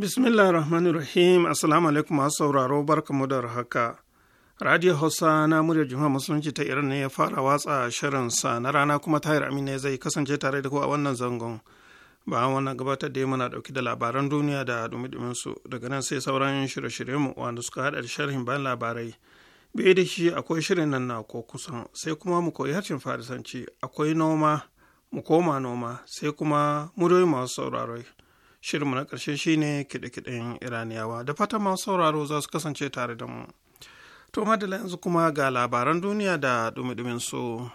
bismillah rahmanir rahim assalamu alaikum masu sauraro barkamu da haka radio hausa na muryar juma musulunci ta iran ne ya fara watsa shirinsa na rana kuma tahir amina zai kasance tare da ku a wannan zangon bayan wannan gabatar da muna dauki da labaran duniya da dumi dumin su daga nan sai sauran shirye-shirye mu wanda suka haɗa da sharhin bayan labarai bai da shi akwai shirin nan na ko kusan sai kuma mu koyi harshen farisanci akwai noma mu koma noma sai kuma muryoyi masu sauraro Shirinmu na ƙarshe shine kiɗe-kiɗen Iraniyawa da fatan masu sauraro za su kasance tare da mu. To madala yanzu kuma ga labaran duniya da dumi-dumin su.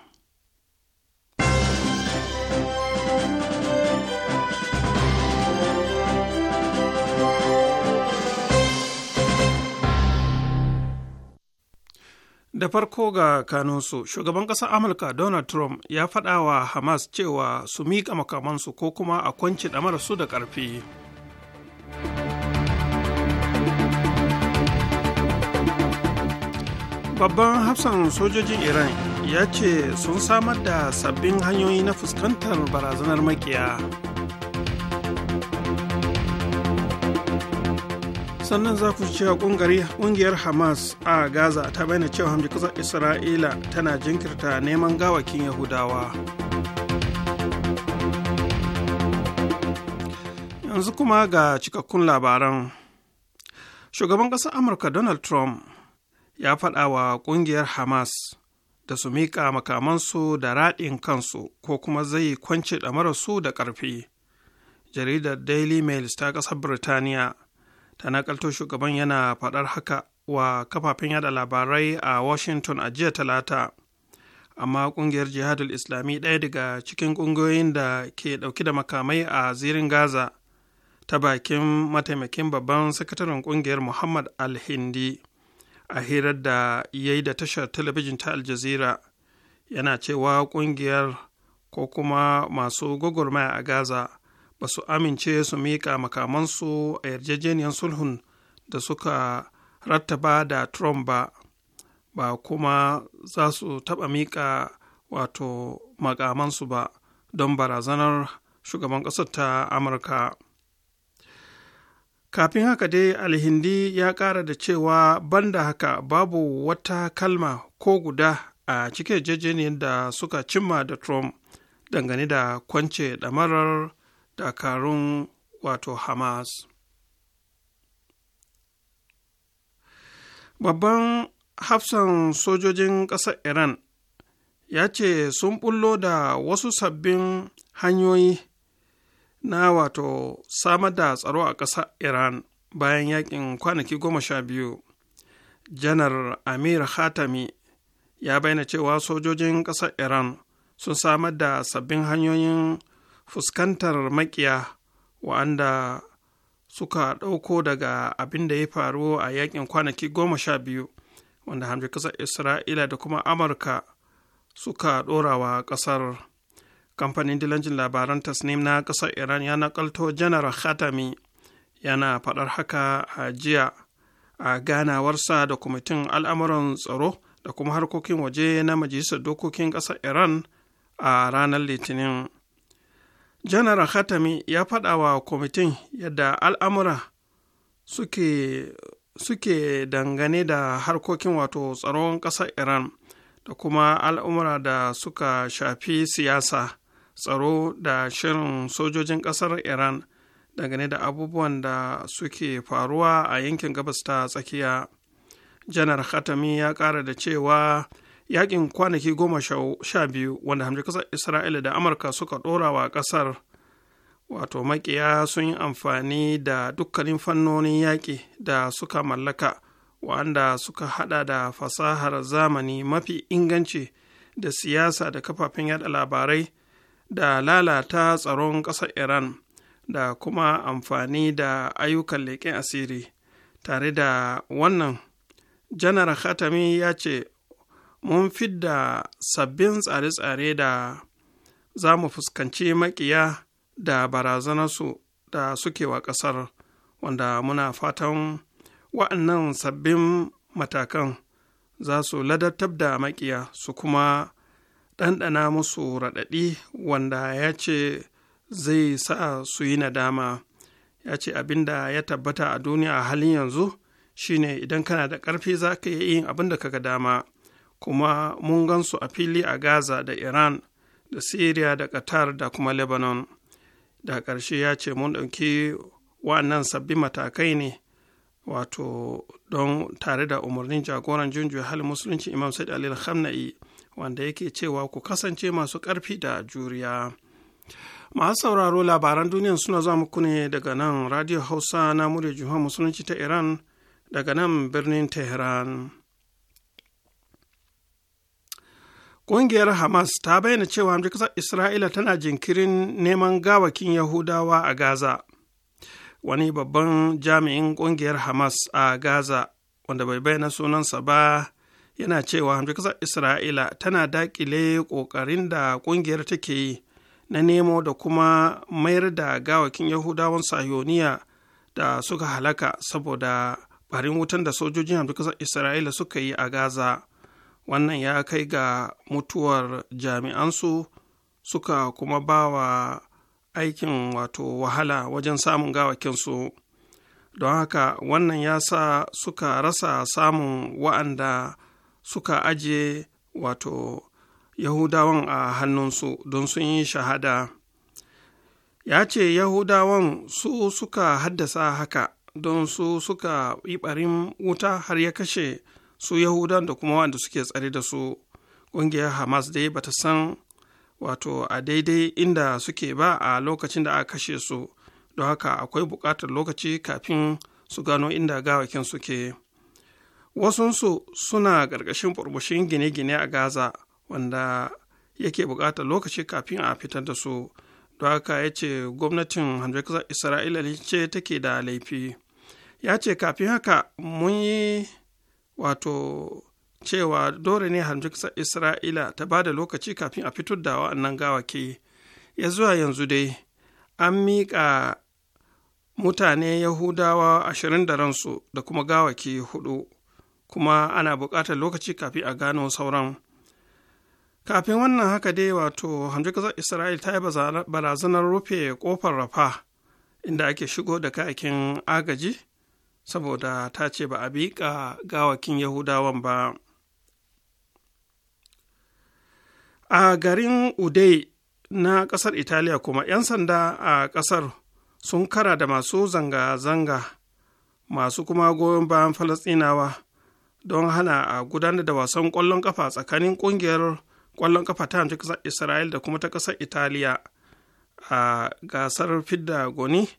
da farko ga kanunsu shugaban ƙasar amurka donald trump ya faɗa wa hamas cewa su miƙa makamansu ko kuma a kwanci su da ƙarfi babban hafsan sojojin iran ya ce sun samar da sabbin hanyoyi na fuskantar barazanar makiya sannan za ku cewa kungiyar hamas a gaza ta bayyana cewa hamdi kasar isra'ila tana jinkirta neman gawakin yahudawa yanzu kuma ga cikakkun labaran shugaban ƙasar amurka donald trump ya faɗa wa ƙungiyar hamas da su miƙa makamansu da raɗin kansu ko kuma zai kwance marasu da ƙarfi jaridar daily mail ta ƙasar birtaniya ta nakalto shugaban yana faɗar haka wa kafafen yada labarai a washington a jiya talata amma ƙungiyar jihadul islami ɗaya daga cikin ƙungiyoyin da ke ɗauki da makamai a zirin gaza ta bakin mataimakin babban sakataren ƙungiyar muhammad al-hindi a hirar da ya yi da tashar talabijin ta aljazira yana cewa ƙungiyar ko kuma masu gwagwarmaya a gaza ba su amince su miƙa makamansu a yarjejeniyar sulhun da suka rattaba da trump ba ba kuma za su taɓa miƙa wato makamansu ba don barazanar shugaban ƙasar ta amurka kafin haka dai alhindi ya ƙara da cewa banda haka babu wata kalma ko guda a cikin yarjejeniyar da suka cimma da trump dangane da kwance ɗamarar dakarun wato hamas babban hafsan sojojin ƙasar iran ya ce sun bullo da wasu sabbin hanyoyi na wato samar da tsaro a ƙasar iran bayan yakin kwanaki goma sha biyu janar amir hatami ya bayyana cewa sojojin ƙasar iran sun samar da sabbin hanyoyin fuskantar makiya wa'anda suka ɗauko daga abin da ya faru a yakin kwanaki goma sha biyu wanda hamshe kasar isra'ila da kuma amurka suka ɗora wa ƙasar kamfanin dilancin labaran tasnim na ƙasar iran ya nakalto janar khatami yana faɗar haka a jiya a ganawarsa da kwamitin al'amuran tsaro da kuma harkokin waje na majalisar dokokin ƙasar iran a ranar litinin janar khatami ya faɗa wa kwamitin yadda al'amura suke, suke dangane da harkokin wato tsaron ƙasar iran da kuma al'amura da suka shafi siyasa tsaro da shirin sojojin ƙasar iran dangane da abubuwan da suke faruwa a yankin gabas ta tsakiya janar khatami ya ƙara da cewa yakin kwanaki goma sha biyu wanda hamji kasar isra'ila da amurka suka ɗora wa ƙasar wato makiya sun yi amfani da dukkanin fannonin yaƙi da suka mallaka wanda suka hada da fasahar zamani mafi inganci da siyasa da kafafen yada labarai da lalata tsaron ƙasar iran da kuma amfani da ayyukan leƙen asiri tare da wannan janar khatami ya ce mun fidda sabbin tsare-tsare da za mu fuskanci makiya da barazanarsu da suke wa ƙasar wanda muna fatan wa'annan sabbin matakan za su ladattab da makiya su kuma ɗanɗana musu raɗaɗi wanda ya ce zai sa su yi nadama ya ce abin da ya tabbata a duniya a halin yanzu shine idan kana da ƙarfi za ka yi yin abin da kaga dama kuma mun gan su a fili a gaza da iran da syria da qatar da kuma lebanon da ƙarshe ya ce mun ɗauki wa'annan sabbin matakai ne wato don tare da umarnin jagoran junjuya halin musulunci imam said Ali khamna'i wanda yake cewa ku kasance masu ƙarfi da juriya masu sauraro labaran duniya suna zuwa muku ne daga nan radio hausa na murya Juhar musulunci ta iran daga nan birnin tehran Ƙungiyar Hamas ta bayyana cewa hamji ƙasar Isra'ila tana jinkirin neman gawakin Yahudawa a Gaza. Wani babban jami'in ƙungiyar Hamas a Gaza, wanda bai bayyana sunansa ba, yana cewa hamji Isra'ila tana daƙile ƙoƙarin da ƙungiyar take yi na nemo da kuma mayar da gawakin Yahudawan Sayoniya da suka halaka saboda barin wutan da sojojin hamji Isra'ila suka yi a Gaza. wannan ya kai ga mutuwar jami'ansu suka kuma ba wa aikin wato wahala wajen samun gawakinsu don haka wannan ya sa suka rasa samun wa'anda suka aje wato yahudawan a hannunsu don sun yi shahada ya ce yahudawan su suka haddasa haka don su suka yi ɓarin wuta har ya kashe su yahudan da kuma wanda suke tsare da su ƙungiyar hamas dai bata san wato a daidai inda suke ba a lokacin da aka kashe su don haka akwai buƙatar lokaci kafin su gano inda gawakin suke wasunsu suna ƙarƙashin burbushin gine-gine a gaza wanda yake buƙatar lokaci kafin a fitar da su don haka ya ce gwamnatin hamdokasar isra'ila ce take da laifi ya ce kafin haka mun yi wato cewa dole ne hamjiksar isra'ila ta ba da lokaci kafin a fitar da wa'annan gawake ya zuwa yanzu dai an miƙa mutane yahudawa ashirin da ransu da kuma gawake hudu kuma ana buƙatar lokaci kafin a gano sauran kafin wannan haka dai wato Kasar isra'ila ta yi barazanar rufe ƙofar rafa inda ake shigo da kayakin agaji saboda ta ce ba a biƙa gawakin yahudawan ba a garin Uday na ƙasar italiya kuma 'yan sanda a ƙasar sun kara da masu zanga-zanga masu kuma goyon bayan falasɗinawa don hana a gudanar da wasan ƙwallon ƙafa tsakanin ƙungiyar ƙwallon ƙafa ta hancin ƙasar isra'il da kuma ta ƙasar italiya a gasar fidda goni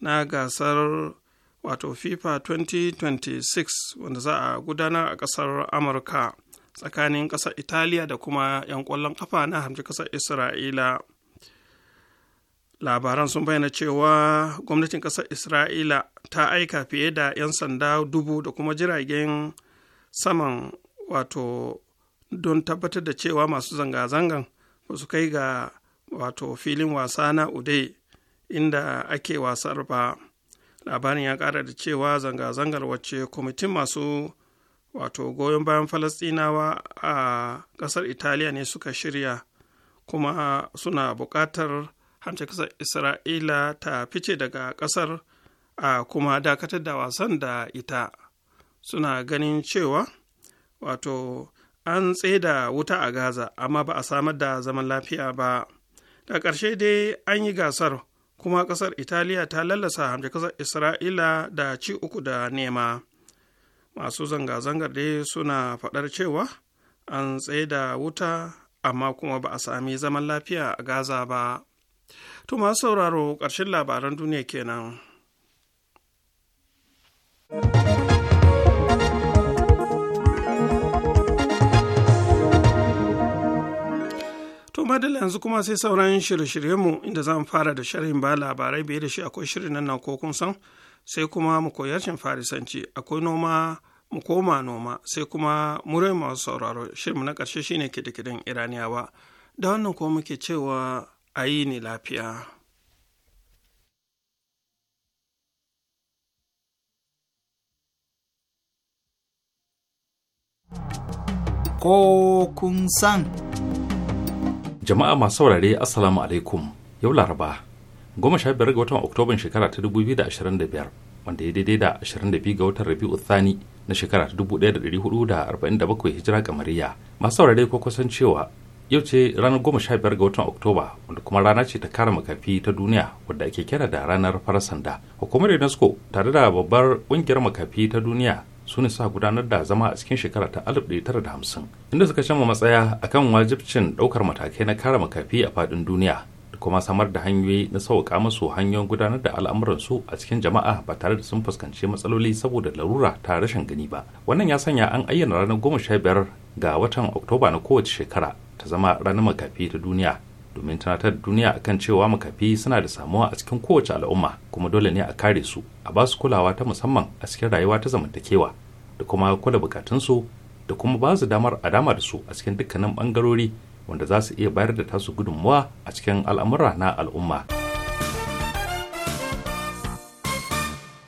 na gasar wato fifa 2026 wanda za a gudanar a ƙasar amurka tsakanin ƙasar italiya da kuma 'yan ƙwallon kafa na hamji ƙasar isra'ila labaran sun bayyana cewa gwamnatin ƙasar isra'ila ta aika fiye da 'yan sanda dubu da kuma jiragen saman wato don tabbatar da cewa masu zanga-zangan ba su kai ga wato filin wasa na ude inda ake wasar ba. labarin ya kara da cewa zanga-zangar wacce kwamitin masu wato goyon bayan falastinawa a kasar italiya ne suka shirya kuma suna buƙatar hamce ƙasar isra'ila ta fice daga kasar a kuma dakatar da wasan da ita suna ganin cewa wato an tseda wuta a gaza amma ba a samar da zaman lafiya ba da ƙarshe dai an yi gasar kuma ƙasar italiya ta lallasa hamshe ƙasar isra'ila da ci uku da nema masu zanga-zangar dai suna faɗar cewa an tsaye da wuta amma kuma ba a sami zaman lafiya a gaza ba to masu sauraro ƙarshen labaran duniya kenan. To madalla yanzu kuma sai sauran shirye mu inda za mu fara da sharhin ba labarai biye da shi akwai shirin nan ko kun san sai kuma mu koyi farisanci akwai noma mu koma noma sai kuma murai masu sauraro shirin na ƙarshe shine kidikidan iraniyawa da wannan kuma muke cewa a yi ne lafiya. Ko kun san. jama'a masu saurare assalamu alaikum yau laraba goma sha biyar ga watan oktoban shekara ta dubu biyu da ashirin da biyar wanda ya daidai da ashirin da biyu ga watan rabi'u thani na shekara ta dubu ɗaya da ɗari hudu da arba'in da bakwai hijira kamariya masu saurare ko kusan cewa yau ce ranar goma sha biyar ga watan oktoba wanda kuma rana ce ta kara makafi ta duniya wadda ake kira da ranar farasanda hukumar unesco tare da babbar kungiyar makafi ta duniya su ne suka gudanar da zama a cikin shekara ta 1950 inda suka cama matsaya a kan wajibcin daukar matakai na kare makafi a fadin duniya da kuma samar da hanyoyi na sauƙa musu hanyoyin gudanar da al'amuransu a cikin jama'a ba tare da sun fuskanci matsaloli saboda larura ta rashin gani ba wannan ya sanya an ayyana ranar 15 ga watan oktoba na kowace shekara ta zama ranar makafi ta duniya domin tunatar duniya akan cewa makafi suna da samuwa a cikin kowace al'umma kuma dole ne a kare su a ba su kulawa ta musamman a cikin rayuwa ta zamantakewa da kuma kula bukatunsu da kuma ba su damar a dama da su a cikin dukkanin bangarori wanda za su iya bayar da tasu gudunmuwa a cikin al'amura na al'umma.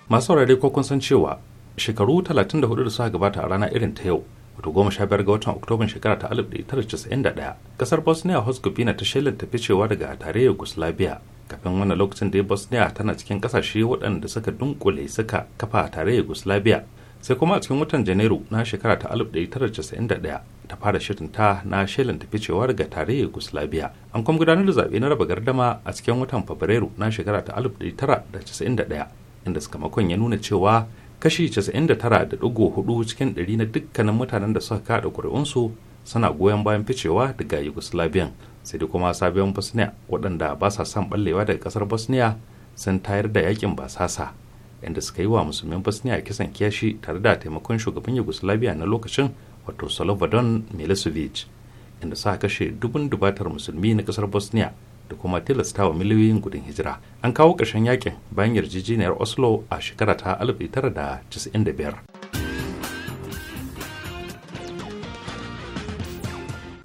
masu saurari ko kun san cewa shekaru 34 da suka gabata a rana irin ta yau To goma sha biyar ga watan oktoban shekara ta tara da casa'in ɗaya kasar bosnia herzegovina ta shelanta ficewa daga tarayyar yugoslavia kafin wani lokacin da bosnia tana cikin kasashe waɗanda suka dunkule suka kafa tarayyar yugoslavia sai kuma a cikin watan janairu na shekara ta tara ɗaya ta fara shirin ta na shelanta ficewa daga tarayyar yugoslavia an kuma gudanar da zaɓe na raba gardama a cikin watan fabrairu na shekara ta tara da da casa'in ɗaya inda sakamakon ya nuna cewa kashi 99.4 cikin ɗari na dukkanin mutanen da suka kada ƙuri'unsu suna goyon bayan ficewa daga yugoslavia sai da kuma sabiyan bosnia waɗanda ba sa son ɓallewa daga ƙasar bosnia sun tayar da yakin basasa inda suka yi wa musulmin bosnia kisan kiyashi tare da taimakon shugaban yugoslavia na lokacin wato slobodan milosevic inda suka kashe dubun dubatar musulmi na ƙasar bosnia da kuma tilasta wa miliyoyin gudun hijira an kawo ƙarshen yakin bayan yarjejeniyar oslo a shekara ta 1995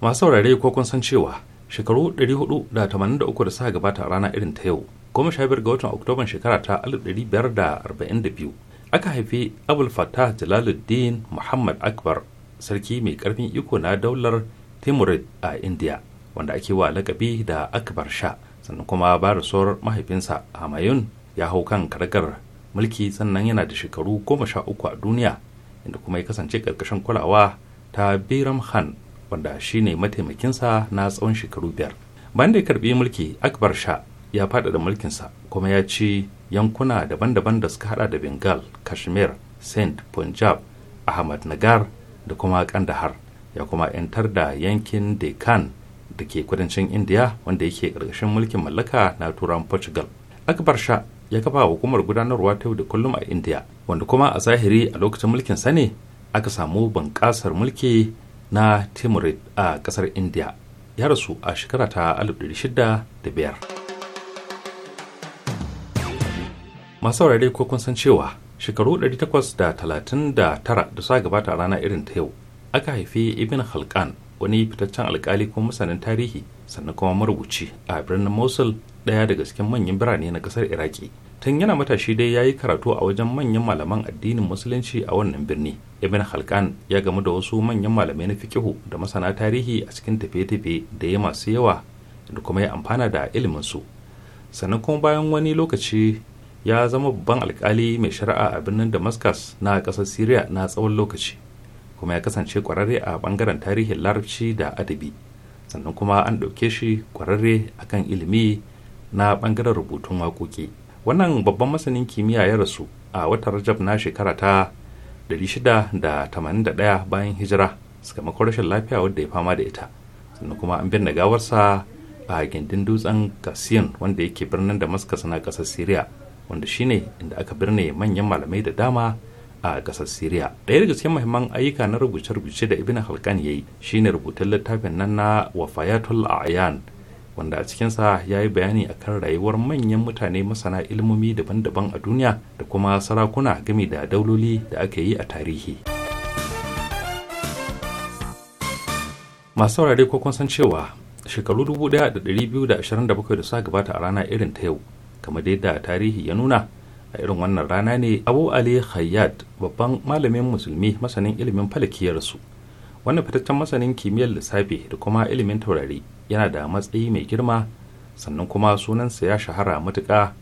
masu saurare ko kun san cewa shekaru 483 da suka gabata a rana irin ta yau goma sha ga watan oktoban shekara ta 1542 aka haifi abul fatah jalaluddin muhammad akbar sarki mai karfin iko na daular timurid a india wanda ake wa lakabi da akbar sha sannan kuma ba rasuwar mahaifinsa hamayun ya hau kan karkar mulki sannan yana da shekaru goma sha uku a duniya inda kuma ya kasance karkashin kulawa ta biram khan wanda shine mataimakinsa na tsawon shekaru biyar bayan da ya karbi mulki akbar sha ya faɗaɗa mulkinsa kuma ya ci yankuna daban-daban da suka haɗa da bengal kashmir sindh punjab ahmad nagar da kuma kandahar ya kuma 'yantar da yankin dekan da ke kudancin indiya wanda yake ƙarƙashin mulkin mallaka na turan portugal akbar sha ya kafa hukumar gudanarwa ta yau da kullum a indiya wanda kuma a zahiri a lokacin mulkin sa aka samu bunƙasar mulki na timurid a ƙasar indiya ya rasu a shekara ta 1605 masu saurare ko kun san cewa shekaru 839 da suka gabata a rana irin ta yau aka haifi ibn halkan wani fitaccen alkali kuma masanin tarihi sannan kuma marubuci a birnin mosul ɗaya daga cikin manyan birane na ƙasar iraki tun yana matashi dai ya yi karatu a wajen manyan malaman addinin musulunci a wannan birni ibn halkan ya gamu da wasu manyan malamai na fikihu da masana tarihi a cikin tafiye-tafiye da ya masu yawa da kuma ya amfana da ilimin su sannan kuma bayan wani lokaci ya zama babban alkali mai shari'a a birnin damascus na ƙasar syria na tsawon lokaci kuma ya kasance kwararre a bangaren tarihin larabci da adabi sannan kuma an ɗauke shi kwararre akan ilimi na bangaren rubutun waƙoƙi wannan babban masanin kimiyya ya rasu a watan rajab na shekara ta 681 bayan hijira mako rashin lafiya wadda ya fama da ita sannan kuma an binne gawarsa a gindin dutsen kasiyan wanda yake birnin damascus na ƙasar syria wanda shine inda aka birne manyan malamai da dama a ƙasar syria ɗaya daga cikin muhimman ayyuka na rubuce-rubuce da ibn halkan ya yi shine rubutun littafin nan na wafayatul ayan wanda a cikinsa ya yi bayani akan rayuwar manyan mutane masana ilmomi daban-daban a duniya da kuma sarakuna gami da dauloli da aka yi a tarihi masu saurare ko kun san cewa shekaru 1227 da suka gabata a rana irin ta yau kamar da tarihi ya nuna a irin wannan rana ne abu ali khayyad babban malamin musulmi masanin ilimin falakiyarsu wannan fitaccen masanin kimiyyar lissafi da kuma ilimin taurari yana da matsayi mai girma sannan kuma sunansa ya shahara matuka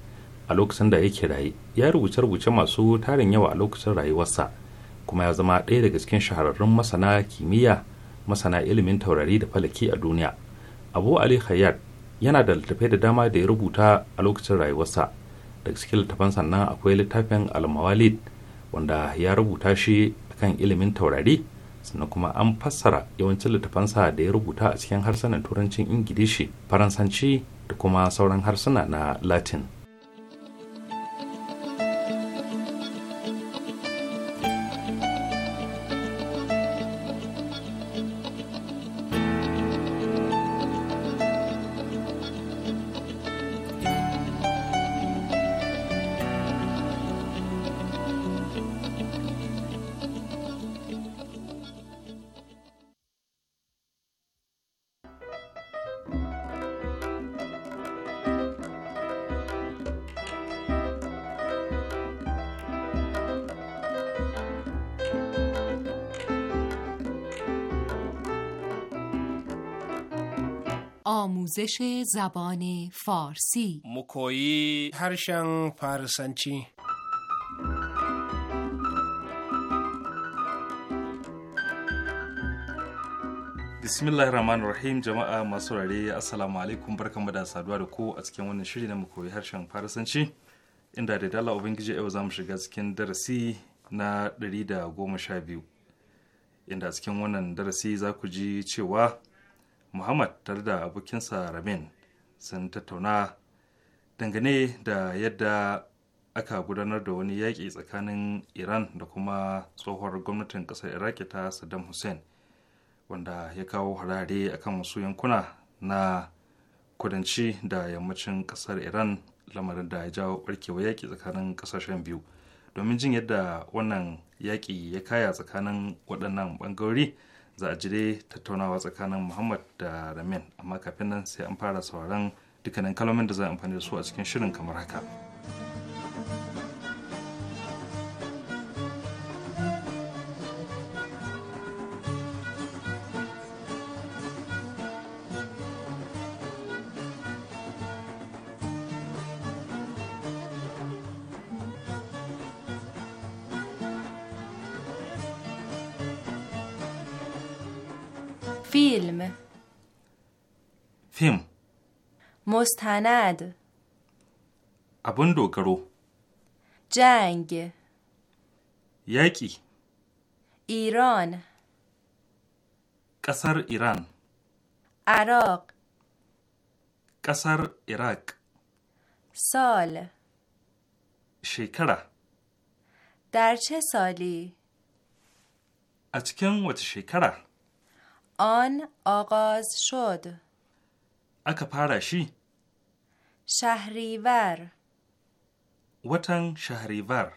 a lokacin da yake raye ya rubuce rubuce masu tarin yawa a lokacin rayuwarsa kuma ya zama ɗaya daga cikin shahararrun masana kimiyya masana ilimin taurari da falaki a duniya abu ali khayyad yana da littattafai da dama da ya rubuta a lokacin rayuwarsa daga cikin littafan sannan akwai littafin almawalid wanda ya rubuta shi akan ilimin taurari sannan kuma an fassara yawancin littafansa da ya rubuta a cikin harsunan turancin ingilishi faransanci da kuma sauran harsuna na latin آموزش زبان فارسی مکویی هرشن فارسنچی rahim jama'a masu rare assalamu alaikum barkanmu da saduwa da ku a cikin wannan shiri na mu koyi harshen farisanci inda da dala ubangiji yau za mu shiga cikin darasi na 112 inda cikin wannan darasi za ku ji cewa muhammad tare da abokinsa ramin sun tattauna dangane da yadda aka gudanar da wani yaƙi tsakanin iran da kuma tsohuwar gwamnatin ƙasar iraki ta saddam hussein wanda ya kawo harare akan wasu yankuna na kudanci da yammacin ƙasar iran lamarin da ya jawo barkewa yaƙi tsakanin ƙasashen biyu domin jin yadda wannan yaƙi ya kaya tsakanin waɗannan ɓangarori za a ji tattaunawa tsakanin muhammad da ramin amma kafin nan sai an fara sauran dukkanin kalamin da za a amfani da su a cikin shirin kamar haka. مستند ابون دوگرو جنگ یکی ایران قصر ایران عراق قصر عراق سال شیکره در چه سالی؟ اتکن و شیکره آن آغاز شد اکا پارشی شهریور وطن شهریور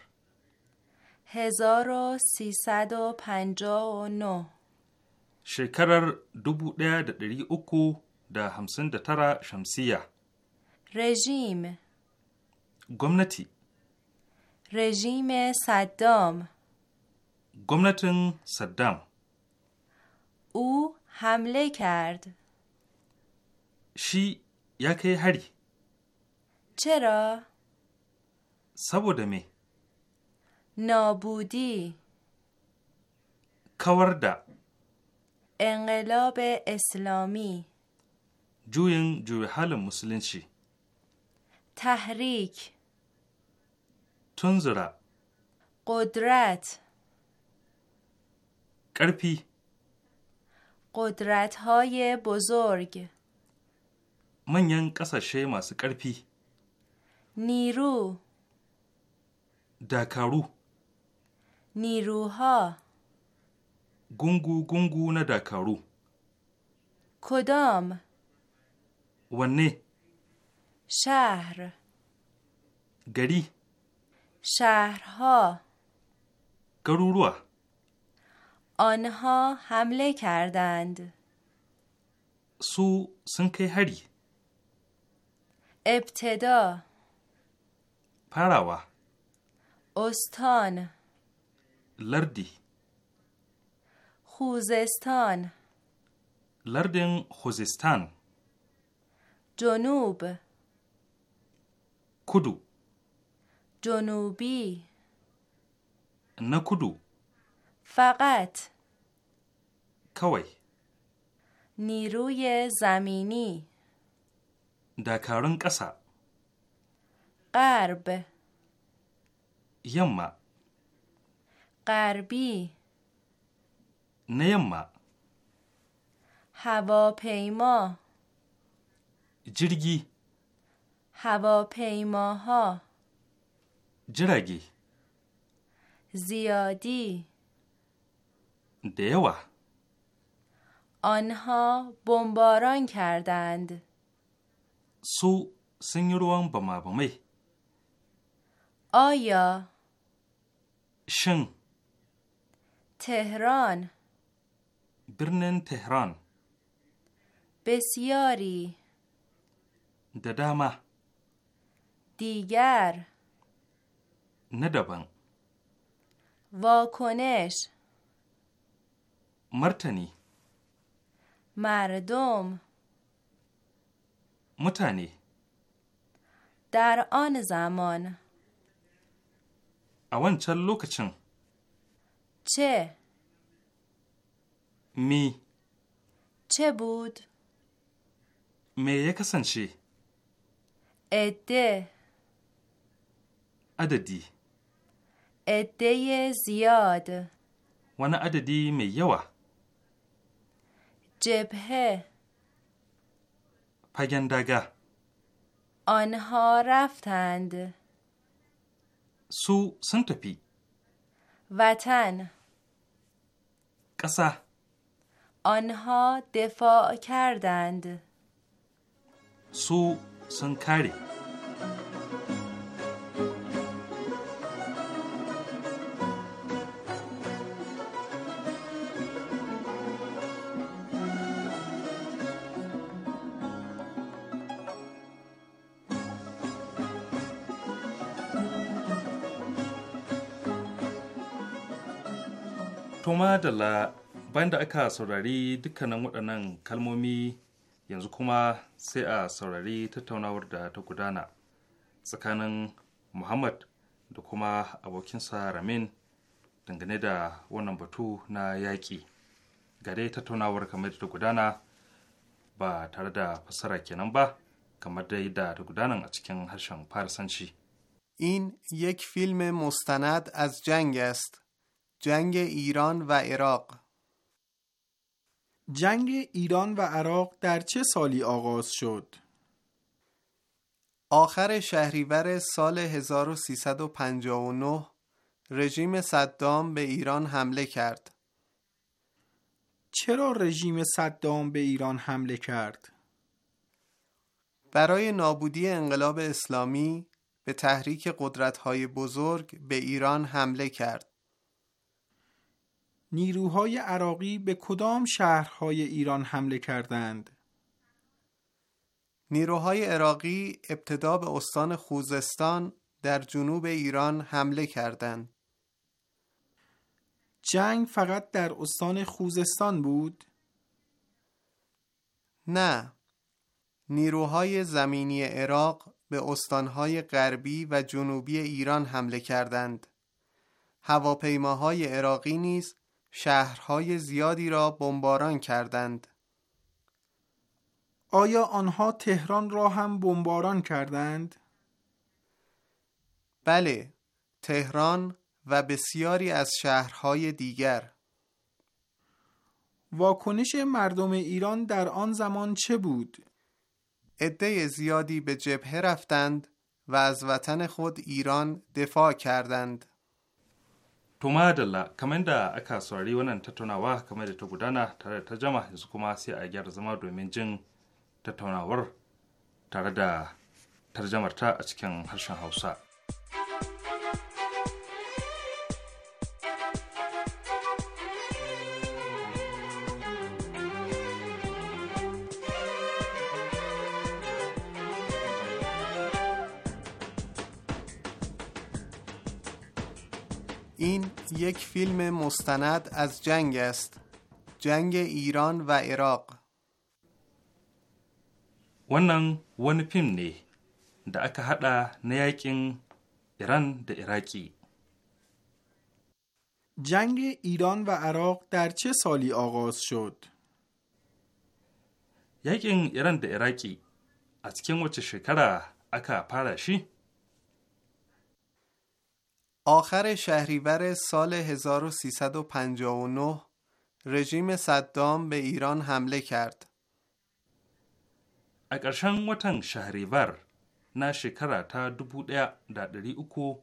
هزار و سیصد و پنجا و نو شکرر دو ده دری اکو ده همسن ده ترا شمسیه رژیم گمنتی رژیم صدام گمنتن صدام او حمله کرد شی یا که هری چرا؟ سبوده می نابودی کورده انقلاب اسلامی جوین جوی حال شی تحریک تنزره قدرت کرپی قدرت های بزرگ یعنی قصاشه ماسو کرپی نیرو دکارو نیروها گونگو گونگو نه دکارو کدام ونه شهر گری شهرها گروروه آنها حمله کردند سو سنکه هری ابتدا پراوه استان لردی خوزستان لردن خوزستان جنوب کدو جنوبی نکدو فقط کوی نیروی زمینی دکارن کسا غرب یما غربی نیما هواپیما جرگی هواپیماها جرگی زیادی دیوه آنها بمباران کردند سو سنگروان بما بمی آیا شن تهران برنن تهران بسیاری ددامه دیگر ندبن واکنش مرتنی مردم متنی در آن زمان a wancan lokacin چه می چه بود می ya kasance عددی عده زیاد wani adadi mai yawa جبهه پگندگه آنها رفتند su sun tafi. Vatan. Ƙasa. Onha defa kardand. Su sun kare. la, bayan da aka saurari dukkanin waɗannan kalmomi yanzu kuma sai a saurari tattaunawar da ta gudana tsakanin muhammad da kuma abokinsa ramin dangane da wannan batu na yaƙi ga tattaunawar kamar da ta gudana ba tare da fassara kenan ba kamar dai da ta gudanan a cikin harshen farisanci In yake filme mustanad از جنگ ایران و عراق جنگ ایران و عراق در چه سالی آغاز شد؟ آخر شهریور سال 1359 رژیم صدام به ایران حمله کرد. چرا رژیم صدام به ایران حمله کرد؟ برای نابودی انقلاب اسلامی به تحریک قدرت‌های بزرگ به ایران حمله کرد. نیروهای عراقی به کدام شهرهای ایران حمله کردند؟ نیروهای عراقی ابتدا به استان خوزستان در جنوب ایران حمله کردند. جنگ فقط در استان خوزستان بود؟ نه. نیروهای زمینی عراق به استانهای غربی و جنوبی ایران حمله کردند. هواپیماهای عراقی نیز شهرهای زیادی را بمباران کردند آیا آنها تهران را هم بمباران کردند؟ بله، تهران و بسیاری از شهرهای دیگر. واکنش مردم ایران در آن زمان چه بود؟ عده زیادی به جبهه رفتند و از وطن خود ایران دفاع کردند. To madalla kamar da aka saurari wannan tattaunawa kamar da ta gudana tare da ta jama yanzu kuma sai a gyara zama domin jin tattaunawar tare da tarjamarta a cikin harshen Hausa. یک فیلم مستند از جنگ است جنگ ایران و عراق wannan wani fim ne da aka hada na yakin Iran da Iraki. جنگ ایران و عراق در چه سالی آغاز شد؟ یکن ایران ده عراقی از کن وچه شکره اکا پارشی؟ آخر شهریور سال 1359 رژیم صدام به ایران حمله کرد. اگر شان وطن شهریور نا تا دبو دیا دا دری اکو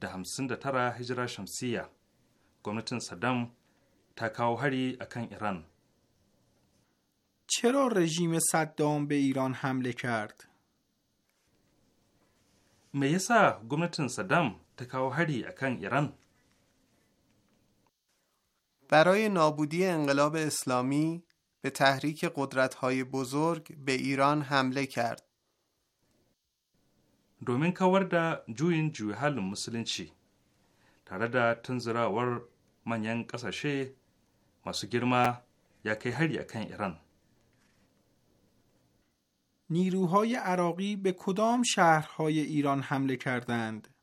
دا همسند تارا هجرا شمسیا گمنتن صدام تا کاو اکن ایران. چرا رژیم صدام به ایران حمله کرد؟ میسا گمنتن صدام ta kawo hari Iran. برای نابودی انقلاب اسلامی به تحریک قدرت‌های بزرگ به ایران حمله کرد. domin kawar جوین juyin حل halin musulunci tare da tunzurawar manyan ƙasashe masu girma ya kai hari a kan نیروهای عراقی به کدام شهرهای ایران حمله کردند؟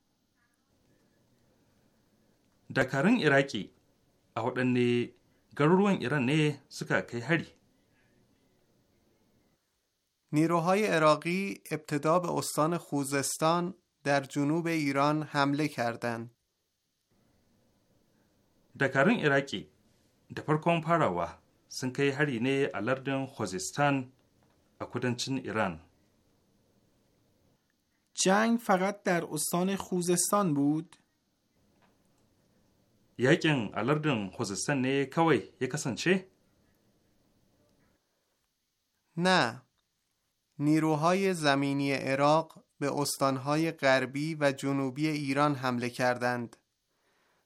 dakarun iraki a waɗanne garuruwan iran ne suka kai hari نیروهای عراقی ابتدا به استان خوزستان در جنوب ایران حمله کردند. دکارن عراقی دپر farkon پاراوا sun kai hari خوزستان ا ایران. جنگ فقط در استان خوزستان بود؟ yakin a lardin خوزستان ne kawai ya kasance? نه نیروهای زمینی عراق به استانهای غربی و جنوبی ایران حمله کردند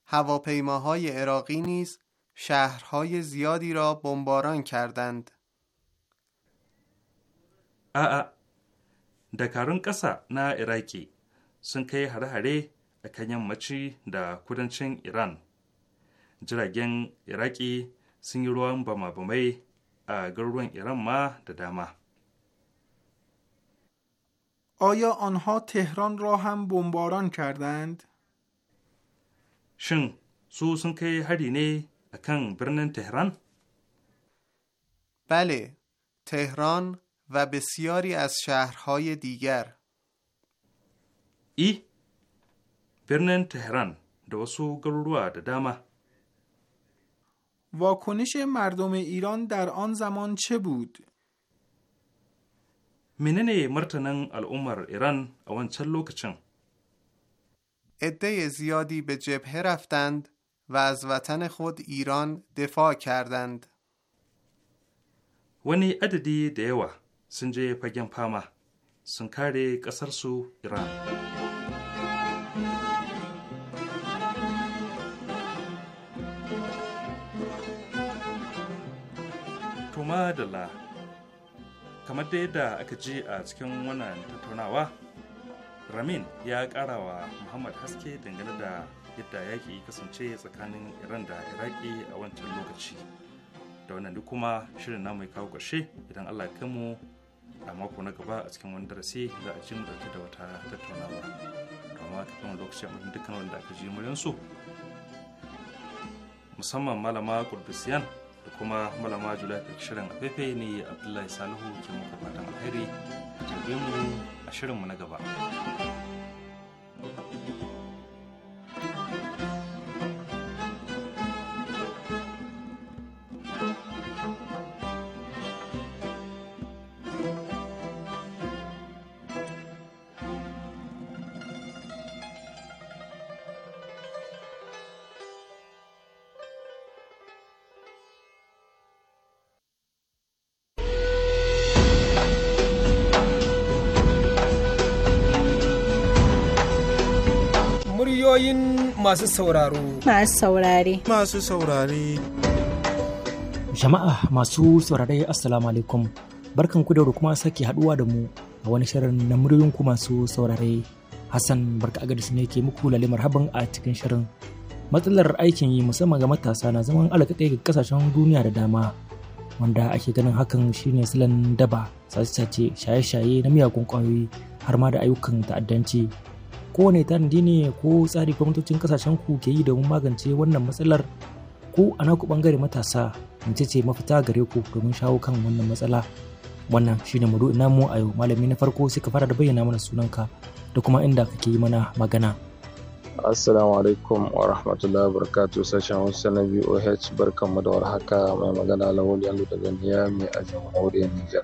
هواپیماهای عراقی نیز شهرهای زیادی را بمباران کردند ا دکارن دکارون نه iraki sun kai هره هره a kan دا ایران. ایران، jiragen iraki sun yi ruwan bama-bamai a garuruwan iran ma da dama آیا آنها تهران را هم بمباران کردند؟ شن سو سن که هری نه اکن برنن تهران؟ بله تهران و بسیاری از شهرهای دیگر ای برنن تهران دو سو گروروا دداما واکنش مردم ایران در آن زمان چه بود؟ منن مرتنن العمر ایران اوان چه لوکچن؟ زیادی به جبهه رفتند و از وطن خود ایران دفاع کردند. ونی عددی دیوه سنجه پگم پاما سنکاری قصرسو ایران. la, kamar da yadda aka ji a cikin wannan tattaunawa ramin ya kara wa muhammad haske dangane da yadda yaƙi kasance tsakanin iran da iraki a wancan lokaci da wannan duk kuma shirin namu ya kawo ƙarshe idan allah ya mu a mako na gaba a cikin wani darasi za a ji mu dauke da wata tattaunawa amma ta kan lokaci a mutum dukkan wanda aka ji muryansu musamman malama kurbisiyan da kuma malama julai da shirin afefe ne abdullahi salihu ke muku fatan alheri a mu a shirinmu na gaba. masu sauraro. Masu saurare. Masu saurare. Jama'a masu saurare Assalamu alaikum. Barkan ku da kuma sake haduwa da mu a wani shirin na muryoyin ku masu saurare. Hassan barka agadis ne ke muku lalle marhaban a cikin shirin. Matsalar aikin yi musamman ga matasa na zaman alaƙaƙe ga kasashen duniya da dama. Wanda ake ganin hakan shine silan daba, sace-sace, shaye-shaye na miyagun ƙwayoyi har ma da ayyukan ta'addanci. kowane ta ne ko tsari gwamnatocin kasashen ku ke yi domin magance wannan matsalar ko a naku bangare matasa mace ce mafita gare ku domin shawo kan wannan matsala wannan shi ne namu a yau malami na farko sai fara da bayyana mana sunanka da kuma inda kake yi mana magana Assalamu alaikum wa rahmatullahi wa barakatuh sashen Hausa na BOH mu da warhaka mai magana Lawal Yalo daga Niyami a jamhuriyar Nijar.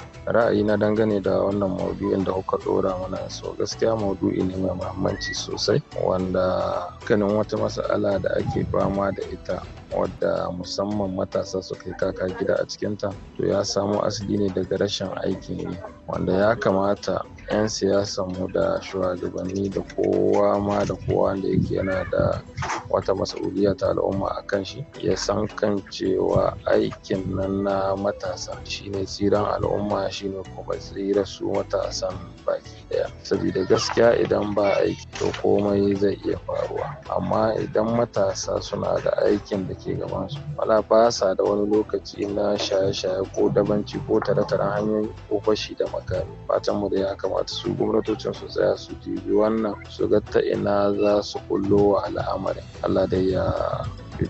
na dangane da wannan maudu'in da kuka dora mana so gaskiya maudu'i ne mai muhimmanci sosai wanda kanin wata mas'ala da ake fama da ita wadda musamman matasa suka yi kaka gida a cikinta to ya samo asali ne daga rashin aikin yi wanda ya kamata 'yan mu da shugabanni da kowa ma da kowa da yake yana da wata masauliya ta al'umma a kan shi ya san kan cewa aikin nan na matasa shine tsiran al'umma shine kuma tsira su matasan baki daya Sabida gaskiya idan ba aiki to komai zai iya faruwa amma idan matasa suna da aikin da ke gaban su wala ba sa da wani lokaci na shaye-shaye ko dabanci ko tare-taren hanyoyi ko fashi da makami Fatanmu mu da ya kama kamata su gwamnatocin su tsaya su jibi wannan su ga ta ina za su kullo wa al'amarin Allah dai ya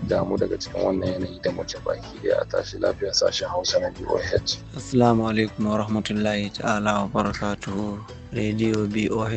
damu daga cikin wannan yanayi da mace baki daya a tashi lafiya sashen hausa na boh assalamu alaikum wa rahmatullahi ta'ala wa barakatuhu radio boh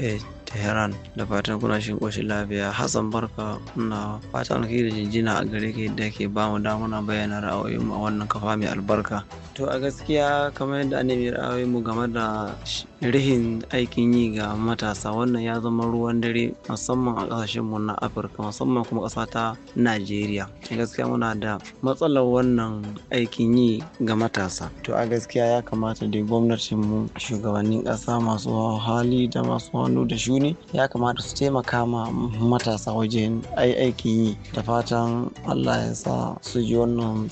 teheran da fatan kuna shi koshin lafiya Hassan Barka na fatan kai da jinjina a gare ke da ke ba mu damuna bayyana ra'ayoyinmu a wannan kafa mai albarka. To a gaskiya kamar yadda annabi ra'ayoyinmu game da rihin aikin yi ga matasa wannan ya zama ruwan dare musamman a ƙasashenmu na Afirka musamman kuma ƙasa ta Najeriya. gaskiya muna da matsalar wannan aikin yi ga matasa to a gaskiya ya kamata da gwamnatin mu shugabannin ƙasa masu hali da masu hannu da shuni ya kamata su taimaka ma matasa wajen ai aikin yi da fatan allah ya sa su ji wannan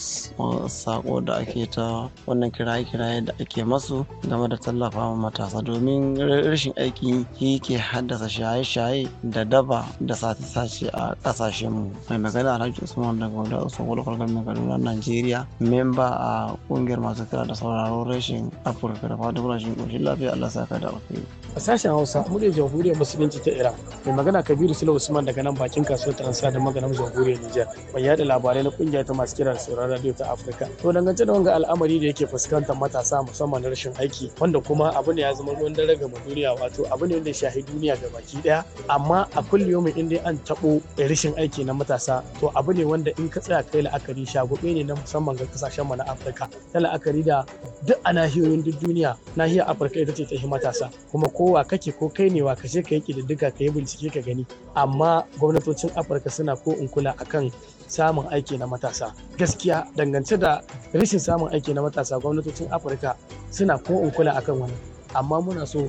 sako da ake ta wannan kiraye-kiraye da ake masu game da tallafa matasa domin rashin aikin yi ke haddasa shaye-shaye da daba da sace-sace a ƙasashen mu mai magana alhaji Usman daga wadda Usman Local Kaduna Najeriya memba a kungiyar masu kira da sauraron rashin Afirka da fatan rashin lafiya Allah sa ka da alheri. A sashen Hausa muryar jamhuriyar musulunci ta Iran mai magana Kabiru Sule Usman daga nan bakin kasuwar Transa da maganar jamhuriyar Nijar mai yada labarai na kungiya ta masu kira da sauraron radio ta Afirka. To dangance da wanga al'amari da yake fuskantar matasa musamman na rashin aiki wanda kuma abu ne ya zama ruwan dare ga duniya wato abu ne wanda ya shahi duniya ga baki daya amma a kulliyomin inda an taɓo rashin aiki na matasa to abu ne wanda in ka tsaya kai la'akari shagobe ne na musamman ga kasashen mu na afirka ta la'akari da duk a nahiyoyin duk duniya nahiyar afirka ita ce ta hi matasa kuma kowa kake ko kai ne wa ka je ka yi kididdiga ka bincike ka gani amma gwamnatocin afirka suna ko in kula akan samun aiki na matasa gaskiya dangance da rashin samun aiki na matasa gwamnatocin afirka suna ko in kula akan wannan amma muna so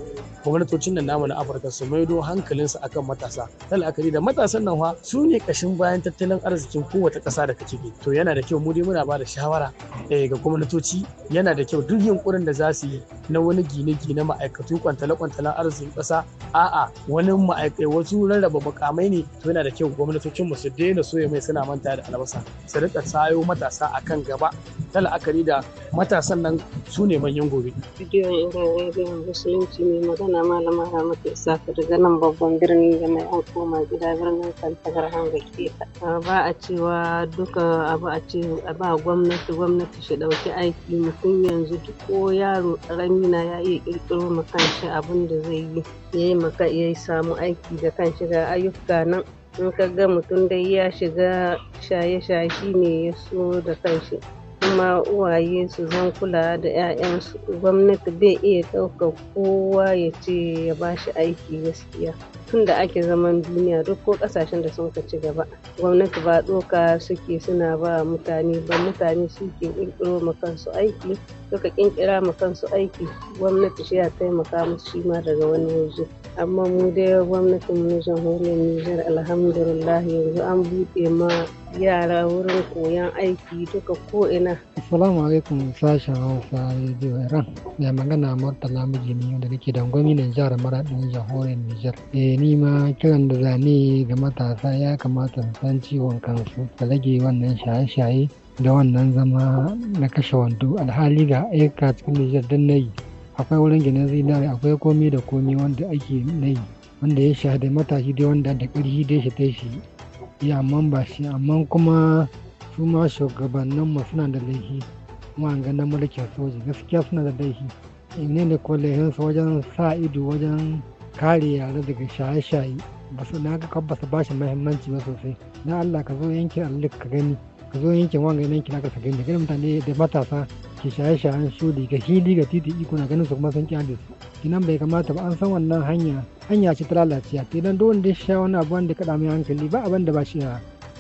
gwamnatocin nan namu na afirka su maido hankalinsu akan matasa ta la'akari da matasan nan fa su ne kashin bayan tattalin arzikin kowace ƙasa da ka to yana da kyau mu dai muna ba da shawara eh, ga gwamnatoci yana da kyau duk yunkurin da za su yi na wani gine-gine ma'aikatu kwantala-kwantalan arzikin ƙasa a'a wani ma'aikai eh, wasu rarraba makamai ne to yana da kyau mu su daina soya mai suna manta da albasa su rika sayo matasa akan gaba ta la'akari da matasan nan su ne manyan gobe. musulunci mai magana malama isa isaka daga nan babban birnin da mai an gida birnin kantagar hanga ta. ba a cewa duka abu a ce ba gwamnati gwamnati shi dauki aiki mutum yanzu duk ko yaro karami na ya iya kirkiro ma kanshi abin da zai yi ya ma maka ya samu aiki da kanshi ga ayyuka nan in ka ga mutum dai ya shiga shaye-shaye shi ne ya so da kanshi kuma uwaye su zan kula da 'ya'yansu gwamnati bai iya ɗaukar kowa ya ce ya ba shi aiki gaskiya tun da ake zaman duniya duk ko ƙasashen da sun ci gaba gwamnati ba doka suke suna ba mutane ba mutane suke ƙirƙiro ma kansu aiki suka ƙirƙira ma kansu aiki gwamnati shi ya taimaka musu shima daga wani waje amma mu dai gwamnatin mu jamhuriyar Nijar alhamdulillah yanzu an buɗe ma yara wurin koyon aiki duka ko ina. Assalamu alaikum sashen Hausa Radio Iran. Mai magana Murtala miji ne da nake dangwami na jihar Maradin jamhuriyar Nijar. Eh ni ma kiran da zane ga matasa ya kamata mu san ciwon kansu da rage wannan shaye-shaye da wannan zama na kashe wando alhali ga aika cikin Nijar don na yi. akwai wurin gina zinari akwai komi da komi wanda ake nai wanda ya sha da matashi dai wanda da ƙarfi dai shi dai shi ya amma ba shi amma kuma su ma shugabannin mu suna da laifi kuma an ganin mulkin soji gaskiya suna da laifi ne ne ko laifinsu wajen sa ido wajen kare yara daga shaye-shaye ba su na ga ba su ba shi muhimmanci ba sosai na Allah ka zo yankin Allah ka gani ka zo yankin wanga yankin naka ka gani mutane da matasa ke shaye-shayen shudi ga hili ga titi iko na ganin su kuma san da su kinan bai kamata ba an san wannan hanya hanya ce ta lalaciya idan duk wanda ya sha wani abu wanda ya mai hankali ba abin da ba shi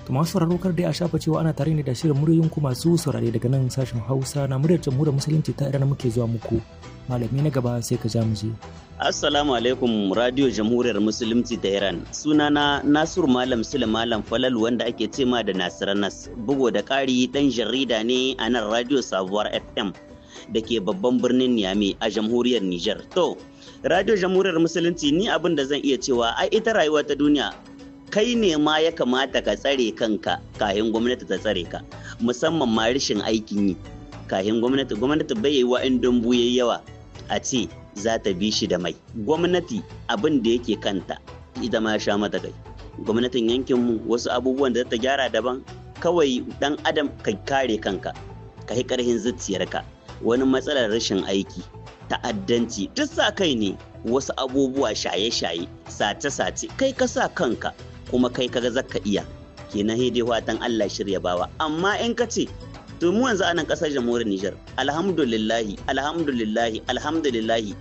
To masu sauraro kar dai a shafa cewa ana tare ne da shirin muryoyin ku masu saurare daga nan sashen Hausa na muryar jamhuriyar musulunci ta Iran muke zuwa muku. Malami na gaba sai ka ja mu je. Assalamu alaikum Radio Jamhuriyar Musulunci ta Iran. Sunana Nasiru Malam Sule Malam Falal wanda ake cewa da Nasiranas. Bugu da ƙari dan jarida ne a nan Radio Sabuwar FM da ke babban birnin Niamey a Jamhuriyar Nijar. To, Radio Jamhuriyar Musulunci ni abin da zan iya cewa ai ita rayuwa ta duniya kai ne ma ya kamata ka tsare kanka kayan gwamnati ta tsare ka musamman ma rashin aikin yi kayan gwamnati gwamnati bai yi wa dambu yayi yawa a ce za ta bi shi da mai gwamnati abin da yake kanta ita ma sha mata kai gwamnatin yankin mu wasu abubuwan da ta gyara daban kawai dan adam ka kare kanka ka yi karhin zuciyarka wani matsalar rashin aiki ta'addanci duk sa kai ne wasu abubuwa shaye-shaye sace-sace kai ka sa kanka kuma kai kaga zaka iya kenan hede watan Allah shirya bawa amma in ka ce to mu yanzu anan kasar jamhuriyar Nijar alhamdulillahi alhamdulillahi alhamdulillahi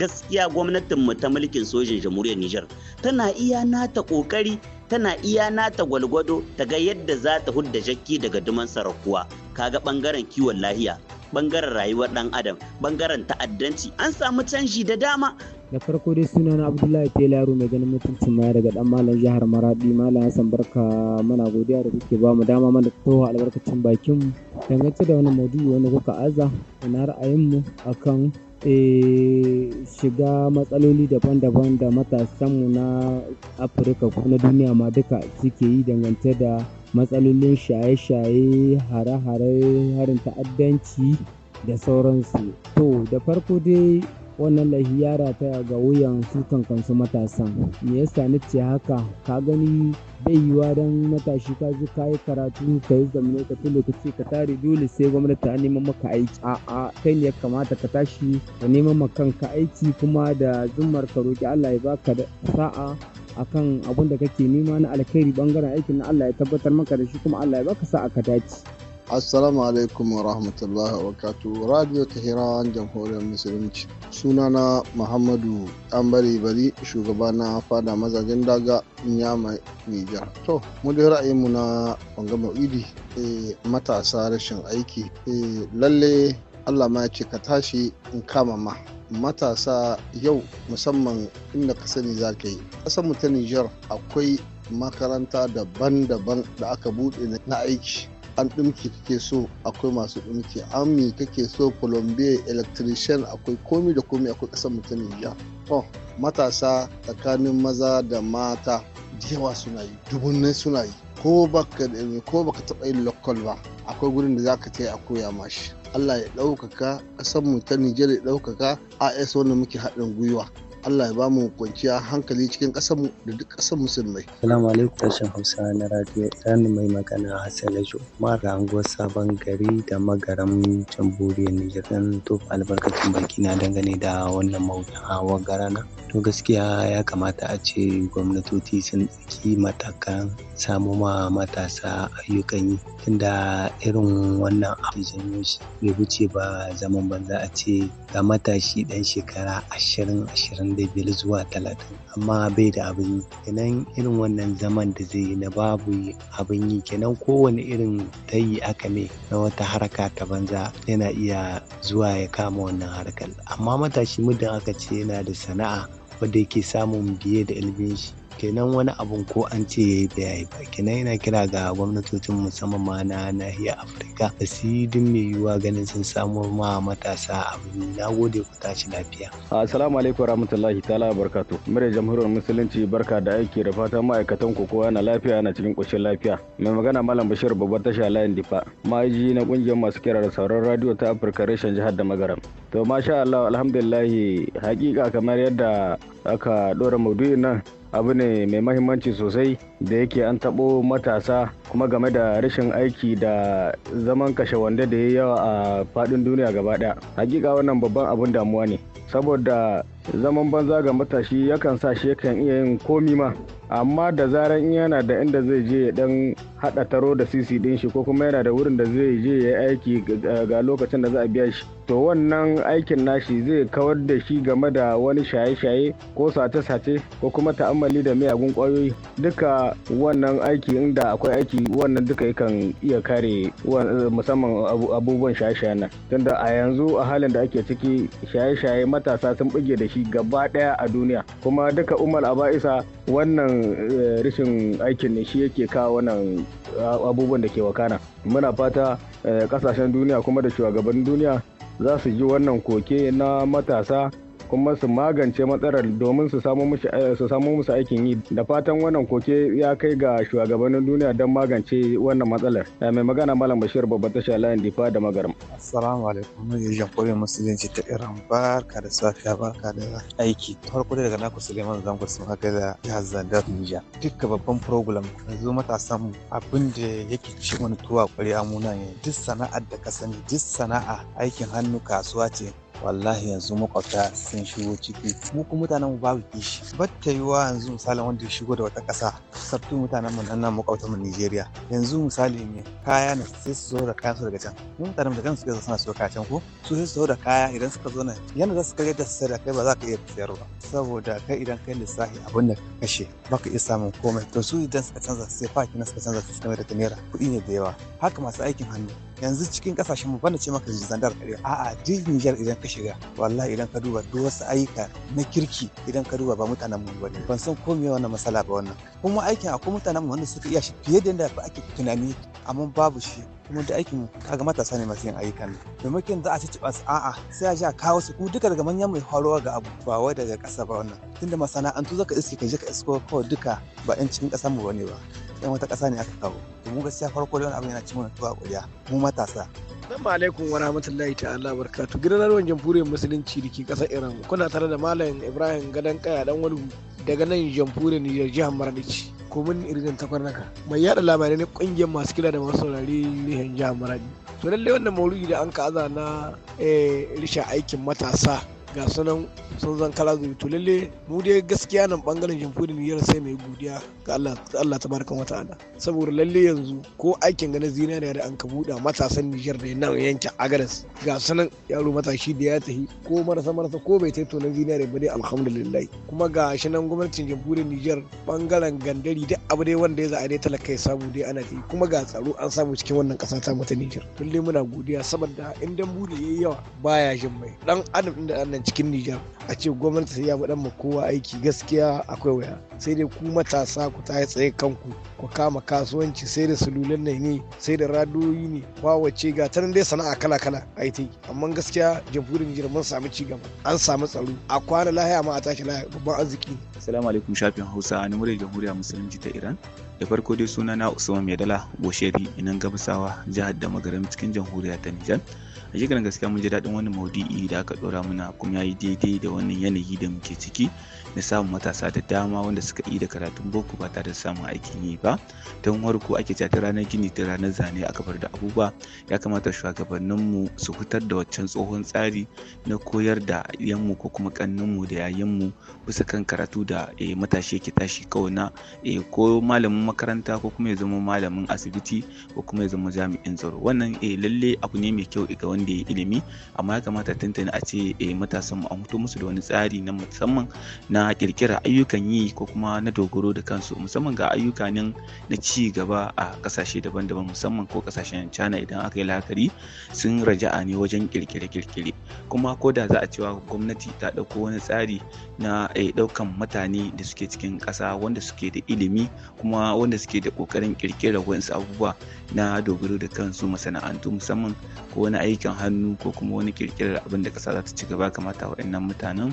gaskiya gwamnatin mu ta mulkin sojin jamhuriyar Nijar tana iya nata kokari tana iya nata gwalgwado ta ga yadda za ta hudda jakki daga duman sarakuwa kaga bangaren kiwon lahiya bangaren rayuwar dan adam bangaren ta'addanci an samu canji da dama da farko dai suna na abdullahi tela mai ganin mutuncin maya daga dan malam jihar maradi malam hassan barka muna godiya da kuke ba mu dama mana taho albarkacin bakin mu dangance da wani maudu'i wani kuka aza na ra'ayin mu akan eh, shiga matsaloli daban-daban da matasanmu na afirka ko na duniya ma duka suke yi dangance da matsalolin shaye-shaye hare-hare harin ta'addanci da sauransu to da farko dai wannan laifi ya rataya ga wuyan su kansu matasa. me yasa nace haka ka gani bai yiwa dan matashi ka ji ka yi karatu ka yi zamane ka tulo ka ce ka tare dole sai gwamnati ta neman maka aiki A kai ne ya kamata ka tashi ka neman maka kanka aiki kuma da zummar ka roki Allah ya baka da sa'a akan abun da kake nema na alkhairi bangaren aikin na Allah ya tabbatar maka da shi kuma Allah ya baka sa'a ka dace Assalamu alaikum wa rahmatullahi wa barakatuh. Radio Tehran Jamhuriyar Musulunci. Sunana Muhammadu Ambari Bari shugaba na fada mazajen daga Nyama Nijar. To, mu ra'ayin ra'ayinmu na Banga Maulidi e, eh, matasa rashin aiki. E, lalle Allah ma ya ce ka tashi in kama ma. Matasa yau musamman inda ka sani za ka yi. Ƙasar mu ta Nijar akwai makaranta daban-daban da aka buɗe na aiki. an ɗumki kake so akwai masu ɗumki ami kake so colombia electrician akwai komi da komi akwai ƙasar mutum ya to matasa tsakanin maza da mata yawa suna yi dubunnai suna yi ko baka ko baka taɓa yin lokal ba akwai gurin da zaka ce a koya mashi Allah ya ɗaukaka ƙasar mu ta Nijar ya ɗaukaka AS wanda muke haɗin gwiwa Allah ya ba mu kwanciya hankali cikin ƙasar mu da duk ƙasar musulmai assalamu alaikum tashin hausa na radio ɗan mai magana hassan lajo mara anguwar sabon gari da magaram jamhuriyar nijar dan tofa albarkacin baki na dangane da wannan maudu a rana to gaskiya ya kamata a ce gwamnatoci sun ɗauki matakan samo ma matasa ayyukan yi tunda irin wannan abin shi bai wuce ba zaman banza a ce ga matashi ɗan shekara ashirin ashirin da biyar zuwa talatin amma bai da abin yi kenan irin wannan zaman da zai yi na babu abin yi kenan kowane irin ta yi aka ne na wata harka ta banza yana iya zuwa ya kama wannan harkar amma matashi muddin aka ce yana da sana'a wanda yake samun biye da ilimin shi kenan wani abun ko an ce ya yi ba kenan yana kira ga gwamnatocin musamman ma na nahiyar afirka da su duk mai yiwuwa ganin sun samu ma matasa abin na gode ku tashi lafiya assalamu alaikum warahmatullahi ta'ala barkatu mure jamhuriyar musulunci barka da aiki da fatan ma'aikatan ku kowa na lafiya na cikin ƙoshin lafiya mai magana malam bashir babbar tasha layin difa ma'aji na ƙungiyar masu kira da sauran radio ta afirka reshen jihar da magaram to masha allah alhamdulillah hakika kamar yadda aka ɗora maudu'in nan abu ne mai mahimmanci sosai da yake an taɓo matasa kuma game da rashin aiki da zaman kashe wanda da ya yawa a faɗin duniya gaba ɗaya hakika wannan babban abun damuwa ne saboda zaman banza ga matashi yakan sa shi yakan iya yin komi ma amma da zaran in yana da inda zai je ya dan hada taro da sisi din shi ko kuma yana da wurin da zai je ya aiki ga lokacin da za a biya shi to wannan aikin nashi zai kawar da shi game da wani shaye-shaye ko sace-sace ko kuma ta'ammali da miyagun kwayoyi duka wannan aiki inda akwai aiki wannan duka yakan iya kare musamman abubuwan shaye-shaye nan tunda a yanzu a halin da ake ciki shaye-shaye matasa sun buge da shi aiki gaba daya a duniya kuma duka umar aba'isa wannan eh, rashin aikin ne shi yake kawo wannan eh, abubuwan da ke wakana muna fata kasashen eh, duniya kuma da shugabannin duniya za su ji wannan koke na matasa kuma su magance matsalar domin eh, su samu musu aikin yi da fatan wannan koke ya kai ga shugabannin duniya don magance wannan matsalar eh, mai magana malam bashir babban tasha layin difa da magaram assalamu alaikum mai jamhuriyar musulunci ta iran barka da safiya barka da aiki farko daga naku suleiman ku sun haka da jihar da nija dukkan babban program yanzu matasan abin da yake ci wani tuwa kwari amuna ne duk sana'ar da ka sani duk sana'a aikin hannu kasuwa ce wallahi yanzu makwabta sun shigo ciki mu kuma mutanen mu babu kishi batta yiwa yanzu misalin wanda ya shigo da wata ƙasa sabtu mutanen mu nan makwabta mu Nigeria yanzu misali ne kaya ne sai su zo da kayan su daga can mun mutanen mu da kansu suke suna so kaya can ko su sai su zo da kaya idan suka zo nan yana za su kai da sai da kai ba za ka iya sayar ba saboda kai idan kai lissafi abin da ka kashe baka iya samun komai to su idan suka canza sai fa kina suka canza su kamar da naira kuɗi ne da yawa haka masu aikin hannu yanzu cikin kasashen mu bana ce maka zandar kare a'a duk jar idan ka shiga wallahi idan ka duba duk wasu ayyuka na kirki idan ka duba ba mutanen mu bane ban san ko me wannan matsala ba wannan kuma aikin akwai mutanen mu wanda suka iya shi fiye da yadda ake tunani amma babu shi kuma da aikin kaga matasa ne masu yin ayyukan maimakon za a ci cibas a'a sai a ja kawo su kuma duka daga manyan mai faruwa ga abu ba wai daga ƙasa ba wannan tunda masana'antu zaka iske je ka isko kawai duka ba 'yan cikin ƙasar mu bane ba yan wata ƙasa ne aka kawo to mu gaskiya farko da wani abu yana cin mana tuwa ƙuriya mu matasa Assalamu alaikum wa rahmatullahi ta'ala barkatu gidan rawan jamhuriyar musulunci da ke ƙasar Iran kuna tare da Malam Ibrahim Gadan Kaya dan Walhu daga nan jamhuriyar Nijar jihar Maradici komin irin takwar naka mai yada labarai na kungiyar masu kila da masu saurari ne jihar maradi to lallai wannan maulidi da an ka'aza na eh, rishin aikin matasa ga sunan sun zan kala zuwa to lalle mu dai gaskiya nan bangaren ne Nijar sai mai godiya ga Allah Allah tabaraka wata'ala saboda lalle yanzu ko aikin ganin zinariya da an ka buɗa matasan Nijar da nan yankin Agadez ga sunan yaro matashi da ya tafi ko marasa marasa ko bai taito na zinariya ba dai alhamdulillah kuma ga shi nan gwamnatin jamhuri Nijar bangaren gandari duk abu dai wanda ya za a dai talaka ya samu dai ana tafi kuma ga tsaro an samu cikin wannan ƙasa ta mata Nijar lalle muna godiya saboda in dan bude yayi yawa baya jin mai dan adam inda annan cikin Nijar a ce gwamnati sai ya faɗa ma kowa aiki gaskiya akwai waya sai dai ku matasa ku ta tsaye kanku ku kama kasuwanci sai da sululan nai ne sai da radoyi ne wawace ga ta dai sana'a kala kala a yi amma gaskiya jamhuriyar Nijar mun samu ci gaba an samu tsaro a kwana lahiya ma a tashi lahiya babban arziki Assalamu alaikum shafin Hausa ni muryar Jamhuriyar Musulunci ta Iran da farko dai suna na Usman Maidala Bosheri inan Gabasawa jihar da magaram cikin jamhuriyar ta Nijar a shekaran gaskiya mun ji daɗin wannan maudu'i da aka ɗora mana kuma ya yi daidai da wannan yanayi da muke ciki na samun matasa da dama wanda suka yi da karatun boko ba tare da samun aikin yi ba don harko ake cewa ta ranar gini ta ranar zane a kabar da abubuwa ya kamata shugabanninmu su fitar da waccan tsohon tsari na koyar da yanmu ko kuma kanninmu da yayinmu bisa kan karatu da eh, matashi ke tashi kawai na eh, ko malamin makaranta ko kuma ya zama malamin asibiti ko kuma ya zama jami'in tsaro wannan eh, lalle abu ne mai kyau ga wanda ya ilimi amma ya kamata tuntuni a ce matasanmu a hutu musu da wani tsari na musamman na na kirkira ayyukan yi ko kuma na dogaro da kansu musamman ga ayyuka na ci gaba a kasashe daban-daban musamman ko kasashen china idan aka yi la'akari sun raja'a ne wajen kirkire-kirkire kuma ko da za a cewa gwamnati ta ɗauko wani tsari na eh, ɗaukan mutane da suke cikin ƙasa wanda suke da ilimi kuma wanda suke da ƙoƙarin ƙirƙirar wasu abubuwa na dogaro da kansu masana'antu musamman ko wani aikin hannu ko kuma wani kirkirar abin da ƙasa za ta ci gaba kamata waɗannan mutanen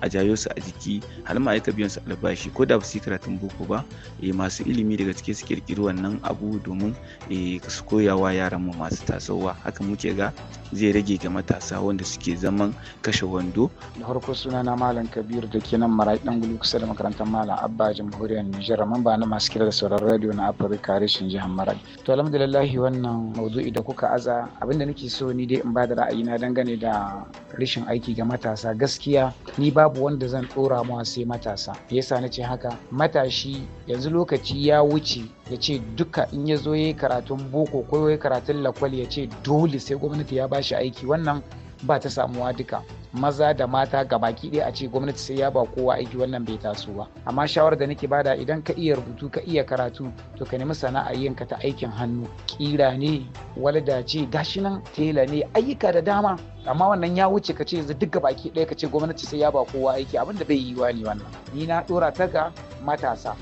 a jayo su a jiki har ma aika biyan su albashi ko da ba su yi karatun boko ba eh, masu ilimi daga cike su kirkiri wannan abu domin eh, su koyawa yaran mu masu tasowa haka muke ga zai rage ga matasa wanda suke zaman kashe wando da farko suna na malam kabir da ke nan marayi dan gulu kusa da makarantar malam abba jamhuriyar nijar mamba na masu kira da sauran radio na afirka reshen jihar marayi to alhamdulillah wannan maudu'i da kuka aza abinda nake so ni dai in ba da ra'ayi na dangane da rashin aiki ga matasa gaskiya ni ba babu wanda zan ɗora ma sai matasa me yasa na ce haka matashi yanzu lokaci ya wuce ya ce duka in ya zo ya yi karatun boko ko ya yi karatun lakwal ya ce dole sai gwamnati ya bashi aiki wannan ba ta samuwa duka maza da mata ga baki ɗaya a ce gwamnati sai ya ba kowa aiki wannan bai taso ba amma shawarar da nake bada idan ka iya rubutu ka iya karatu to ka nemi sana'a yin ka ta aikin hannu kira ne walda ce gashi nan tela ne ayyuka da dama amma wannan ya wuce ka ce duk ga baki ɗaya ka ce gwamnati sai ya ba kowa aiki abinda bai yi wa ne wannan ni na ɗora ta ga matasa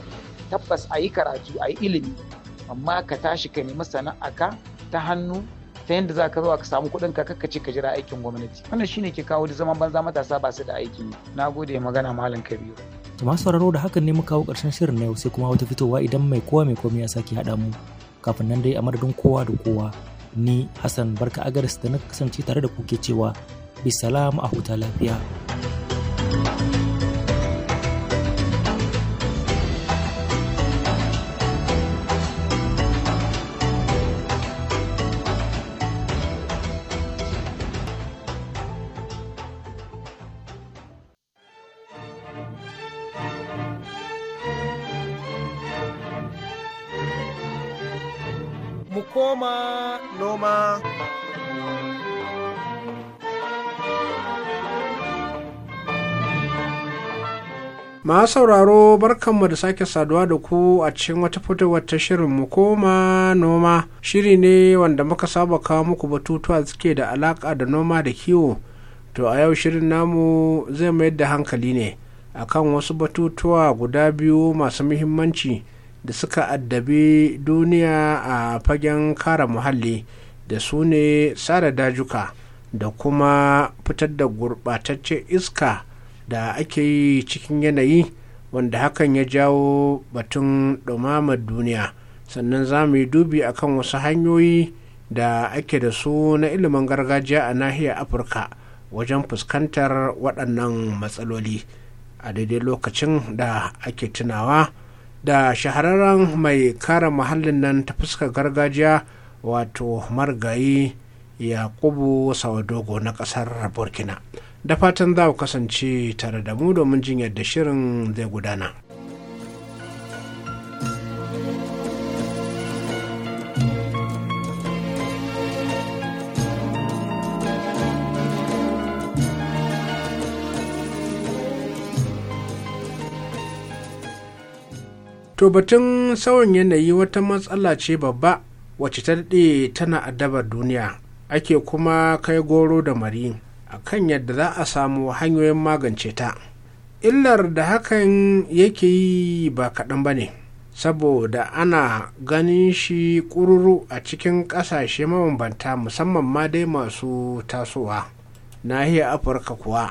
tabbas ayi karatu ayi ilimi amma ka tashi ka nemi sana'a ka ta hannu ta yadda za ka zo ka samu kuɗin ka ce ka jira aikin gwamnati wannan shine ke kawo da zaman banza matasa ba su da aiki na gode magana malam kabiru to masu sauraro da hakan ne mu kawo ƙarshen shirin na yau sai kuma wata fitowa idan mai kowa mai komai ya saki haɗa mu kafin nan dai a madadin kowa da kowa ni hassan barka agaris da na kasance tare da ku ke cewa bisalamu a huta lafiya thank you ma sauraro barkanmu da sake saduwa da ku a cikin wata fitowar ta shirin mu koma noma shiri ne wanda muka saba kawo muku batutuwa suke da alaka da noma da kiwo to a yau shirin namu zai mayar da hankali ne akan wasu batutuwa guda biyu masu muhimmanci da suka addabi duniya a fagen kara muhalli da su ne tsara dajuka da kuma fitar da gurɓataccen iska da ake yi cikin yanayi wanda hakan ya jawo batun ɗumamar duniya sannan za mu yi dubi akan wasu hanyoyi da ake da su na ilimin gargajiya a nahiyar afirka wajen fuskantar waɗannan matsaloli a daidai lokacin da ake tunawa da shahararren mai kare muhallin nan ta fuskar gargajiya wato margayi yakubu sawadogo na ƙasar burkina da fatan za ku kasance tare da mu domin jin yadda shirin zai gudana. To batun sauyin yanayi wata matsala ce babba wacce ta daɗe tana addabar duniya ake kuma kai goro da mari. a kan yadda za a samu hanyoyin magance ta illar da hakan yake yi ba kaɗan ba ne saboda ana ganin shi ƙururu a cikin ƙasashe mabambanta musamman ma dai masu tasowa nahiyar afirka kuwa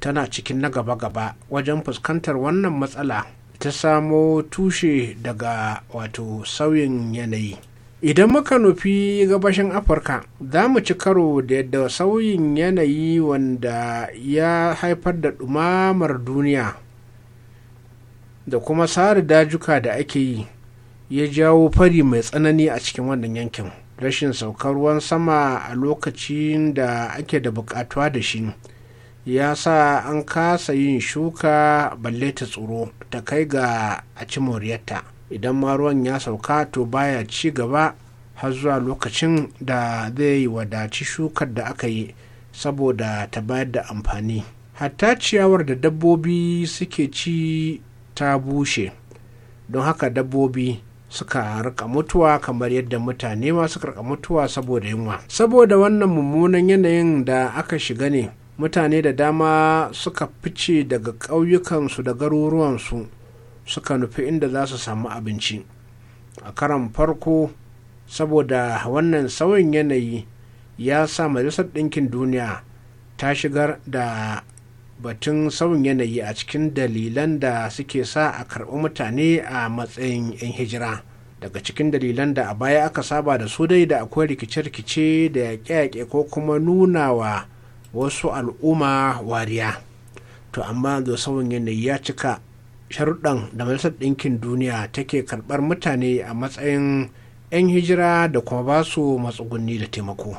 tana cikin na gaba-gaba wajen fuskantar wannan matsala ta samo tushe daga wato sauyin yanayi idan muka nufi gabashin afirka za mu ci karo da yadda sauyin yanayi wanda ya haifar da ɗumamar duniya da kuma sare dajuka da ake yi ya jawo fari mai tsanani a cikin wannan yankin rashin saukar ruwan sama a lokacin da ake da bukatuwa da shi ya sa an kasa yin shuka balle ta tsoro ta kai ga a ci moriyarta idan ma ruwan ya sauka to baya ci gaba har zuwa lokacin da zai wadaci shukar da aka yi saboda ta bayar da amfani hatta ciyawar da dabbobi suke ci ta bushe don haka dabbobi suka rika mutuwa kamar yadda mutane ma suka rika mutuwa saboda yunwa saboda wannan mummunan yanayin da aka shiga ne mutane da dama suka fice daga ƙauyukansu da garuruwansu suka nufi inda za su samu abinci a karan farko saboda wannan sauyin yanayi ya sa majalisar ɗinkin duniya ta shigar da batun sauyin yanayi a cikin dalilan da suke sa a karɓi mutane a matsayin 'yan hijira daga cikin dalilan da a baya aka saba da su dai da akwai rikice-rikice da yaƙe-yaƙe ko kuma nuna wa wasu al'umma wariya to amma da sauyin yanayi ya cika sharuɗan da majalisar ɗinkin duniya take karɓar mutane a matsayin 'yan hijira da kuma ba su matsugunni da taimako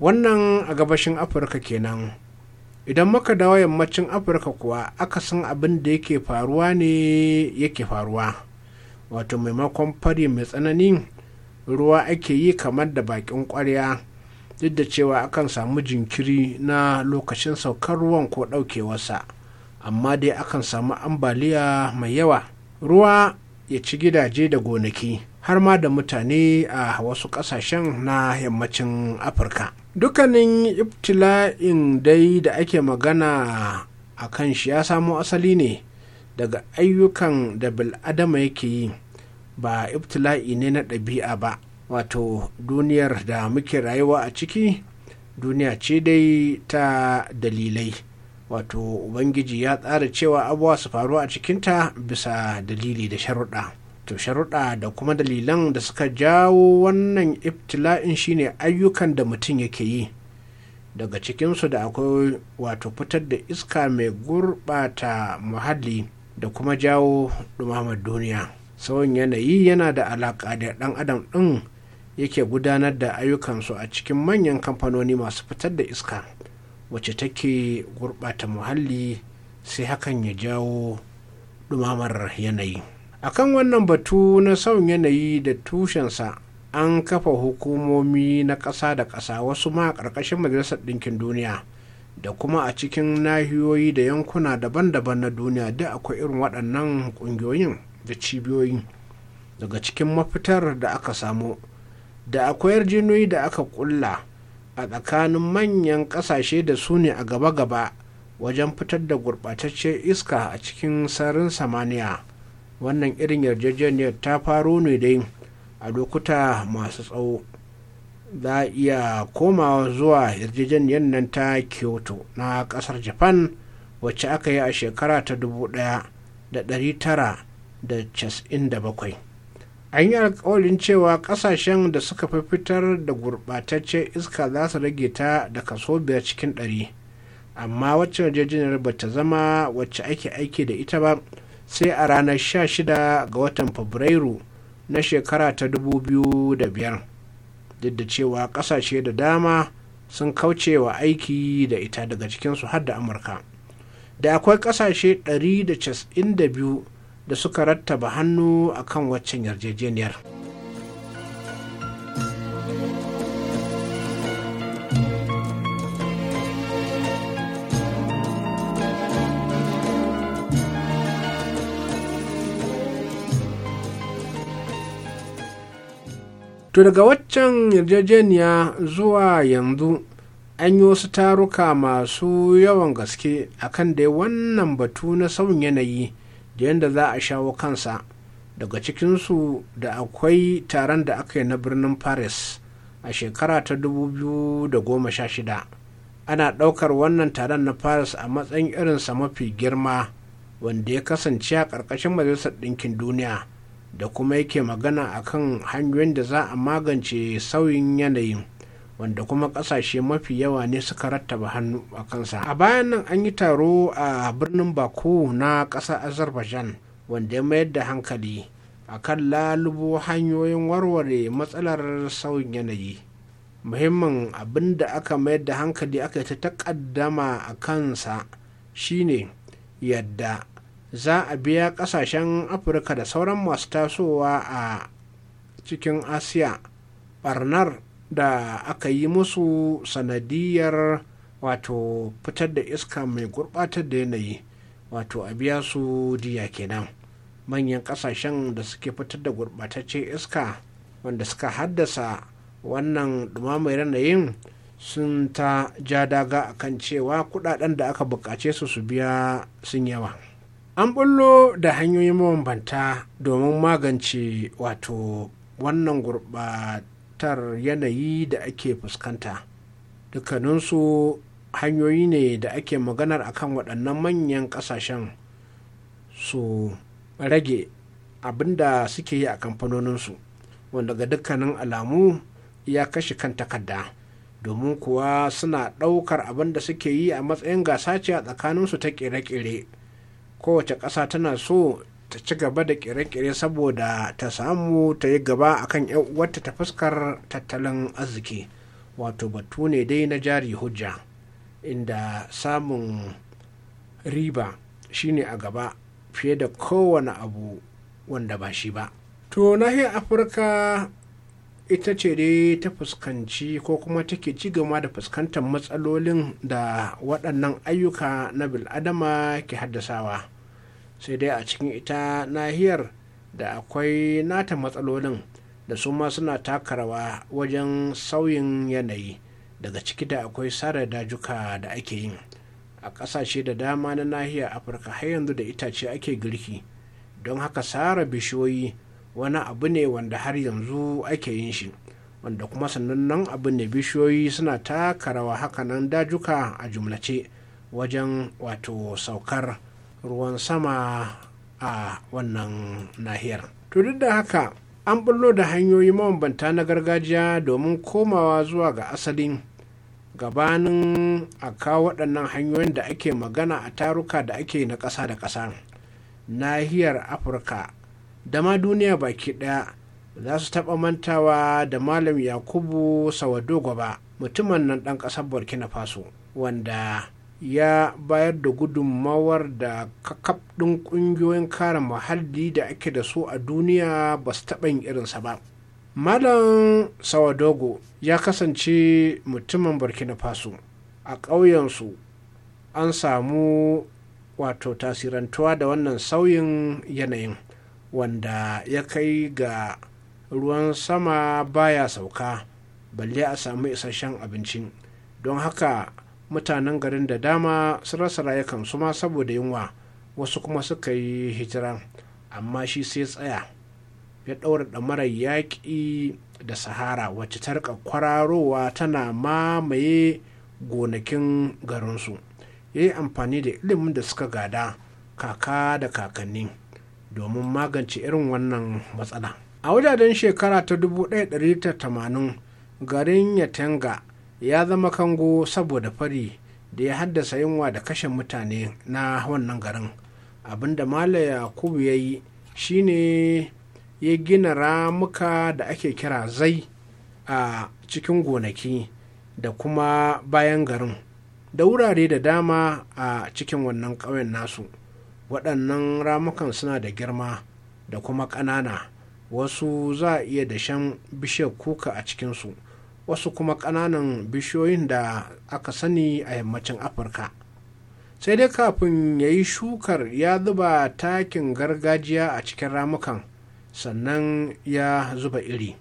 wannan a gabashin afirka kenan idan muka dawo yammacin afirka kuwa aka san abin da yake faruwa ne yake faruwa wato maimakon fari mai tsanani ruwa ake yi kamar da bakin kwarya duk da cewa akan samu jinkiri na lokacin saukar ruwan ko ɗaukewarsa amma dai akan samu ambaliya mai yawa ruwa ya ci gidaje da gonaki har ma da mutane a wasu ƙasashen na yammacin afirka dukkanin ibtila'in dai da ake magana a kan shi ya samo asali ne daga ayyukan da bil'adama yake yi ba ibtila'i ne na ɗabi'a ba wato duniyar da muke rayuwa a ciki duniya ce dai ta dalilai wato ubangiji ya tsara cewa abuwa su faru a cikinta bisa dalili da sharuɗa to sharuɗa da kuma dalilan da suka jawo wannan ibtila'in shine ayyukan da mutum yake yi daga cikinsu da akwai wato fitar da iska mai gurɓata muhalli da kuma jawo ɗumamar duniya tsawon yanayi yana da alaƙa da ɗan adam ɗin yake gudanar da ayyukansu a cikin manyan kamfanoni masu fitar da iska wacce take gurɓata muhalli sai hakan ya jawo ɗumamar yanayi A kan wannan batu na sauyin yanayi da tushensa an kafa hukumomi na ƙasa da ƙasa wasu ma a ƙarƙashin majalisar ɗinkin duniya da kuma a cikin nahiyoyi da yankuna daban-daban na duniya da akwai irin waɗannan ƙungiyoyin da cibiyoyi daga cikin mafitar da aka samu da akwai yarjinoyi da aka ƙulla a tsakanin manyan ƙasashe da su ne a gaba-gaba wajen fitar da gurɓataccen iska a cikin sararin samaniya wannan irin yarjejeniyar ta faro ne dai a lokuta masu tsawo za a iya komawa zuwa yarjejeniyar nan ta kyoto na ƙasar japan wacce aka yi a shekara ta 1997 an yi alkawalin cewa kasashen da suka fi fitar da gurɓataccen iska za su rage ta da kaso biyar cikin ɗari amma wacce yarjejeniyar ba ta zama wacce ake aiki da ita ba sai a ranar 16 ga watan fabrairu na shekara ta 2005 duk da cewa kasashe da dama sun kauce wa aiki da ita daga cikinsu har da amurka da akwai kasashe 192 da suka rattaba hannu a kan waccan yarjejeniyar to daga waccan yarjejeniya zuwa yanzu an yi wasu taruka masu yawan gaske akan da wannan batu na sauyin yanayi da yadda za a shawo kansa daga cikinsu da akwai taron da aka yi na birnin paris a shekara ta 2016 ana ɗaukar wannan taron na paris a matsayin irinsa mafi girma wanda ya kasance a ƙarƙashin majalisar ɗinkin duniya da kuma yake magana akan hanyoyin da za a magance sauyin yanayin wanda kuma kasashe mafi yawa ne suka rattaba hannu a kansa a bayan nan an yi taro a birnin baku na ƙasar azerbaijan wanda ya mayar da hankali a kan lalubo hanyoyin warware matsalar sauyin yanayi muhimmin abin da aka mayar da hankali aka ta takaddama a kansa shine yadda za a biya kasashen afirka da sauran masu tasowa a cikin asiya barnar da aka yi musu sanadiyar wato fitar da iska mai gurbatar da yanayi wato a biya su diya kenan manyan kasashen da suke fitar da gurbataccen iska wanda suka haddasa wannan dumamar yanayin sun ta ja daga a kan cewa kudaden da aka bukace su su biya sun yawa an bullo da hanyoyin mabambanta domin magance wato wannan gurbatacce gurɓatar yanayi da ake fuskanta dukkaninsu hanyoyi ne da ake maganar akan waɗannan manyan ƙasashen su rage abin da suke yi a kamfanoninsu wanda ga dukkanin alamu ya kashe kan takarda domin kuwa suna ɗaukar abin da suke yi a matsayin gasa ce a tsakaninsu ta ƙere-ƙere kowace ƙasa tana so ta ci gaba da kere-kere saboda ta samu ta yi gaba akan yan uwarta ta fuskar tattalin arziki wato batu ne dai na jari hujja inda samun riba shine a gaba fiye da kowane abu wanda ba shi ba to nahiyar afirka ita ce dai ta fuskanci ko kuma take ci gama da fuskantar matsalolin da waɗannan ayyuka na bil'adama ke haddasawa sai dai a cikin ita nahiyar da akwai nata matsalolin da su ma suna taka rawa wajen sauyin yanayi daga ciki da akwai sare dajuka da ake yin a ƙasashe da dama na nahiyar afirka har yanzu da itace ake girki don haka sare bishiyoyi wani abu ne wanda har yanzu ake yin shi wanda kuma sannan abu ne bishiyoyi suna taka rawa hakanan dajuka a jumlace wajen wato saukar ruwan sama a wannan nahiyar to duk da haka an bullo da hanyoyi mabambanta na gargajiya domin komawa zuwa ga asalin gabanin a kawo waɗannan hanyoyin da ake magana a taruka da ake na ƙasa da ƙasa nahiyar afirka da ma duniya baki ɗaya za su taɓa mantawa da malam yakubu sawadogo ba mutumin nan ɗan ƙasar burkina faso wanda ya bayar da gudunmawar da kakaf ɗin ƙungiyoyin kare muhalli da ake da su a duniya ba su taɓa yin irinsa ba malam sawadogo ya kasance mutumin burkina faso a ƙauyensu an samu wato tasirantuwa da wannan sauyin yanayin wanda ya kai ga ruwan sama baya sauka balle a samu isasshen abinci don haka mutanen garin da dama sun rasa rayukansu ma saboda yunwa wasu kuma suka yi hijira amma shi sai tsaya ya ɗaura ɗamarar yaƙi da sahara wacce tarƙa kwararowa tana mamaye gonakin garinsu ya yi amfani da ilimin da suka gada kaka da kakanni domin magance irin wannan matsala a wajajen shekara ta 1980 garin ya yatenga ya zama kango saboda fari da ya haddasa yunwa da kashe mutane na wannan garin abinda mala yakubu ya yi shine ya gina ramuka da ake kira zai a cikin gonaki da kuma bayan garin da wurare da dama a cikin wannan ƙauyen nasu waɗannan ramukan suna da girma da kuma ƙanana wasu za a iya dashen bishiyar kuka a cikinsu wasu kuma ƙananan bishiyoyin da aka sani a yammacin afirka sai dai kafin ya yi shukar ya zuba takin gargajiya a cikin ramukan sannan ya zuba iri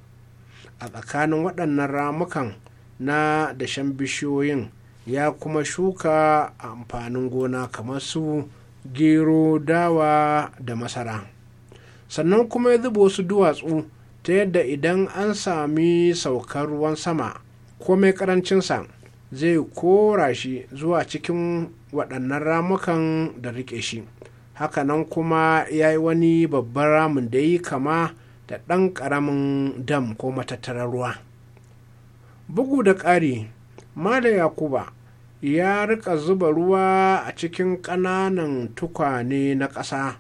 a tsakanin waɗannan ramukan na dashen bishiyoyin ya kuma shuka amfanin gona kamar su gero dawa da masara sannan kuma ya zuba wasu duwatsu ta yadda idan an sami saukar ruwan sama komai karancinsa zai kora shi zuwa cikin waɗannan ramukan da rike shi hakanan kuma ya yi wani babban ramin da yi kama da ɗan ƙaramin dam ko matattarar ruwa bugu da ƙari mala yakuba ya rika zuba ruwa a cikin ƙananan tukwane na ƙasa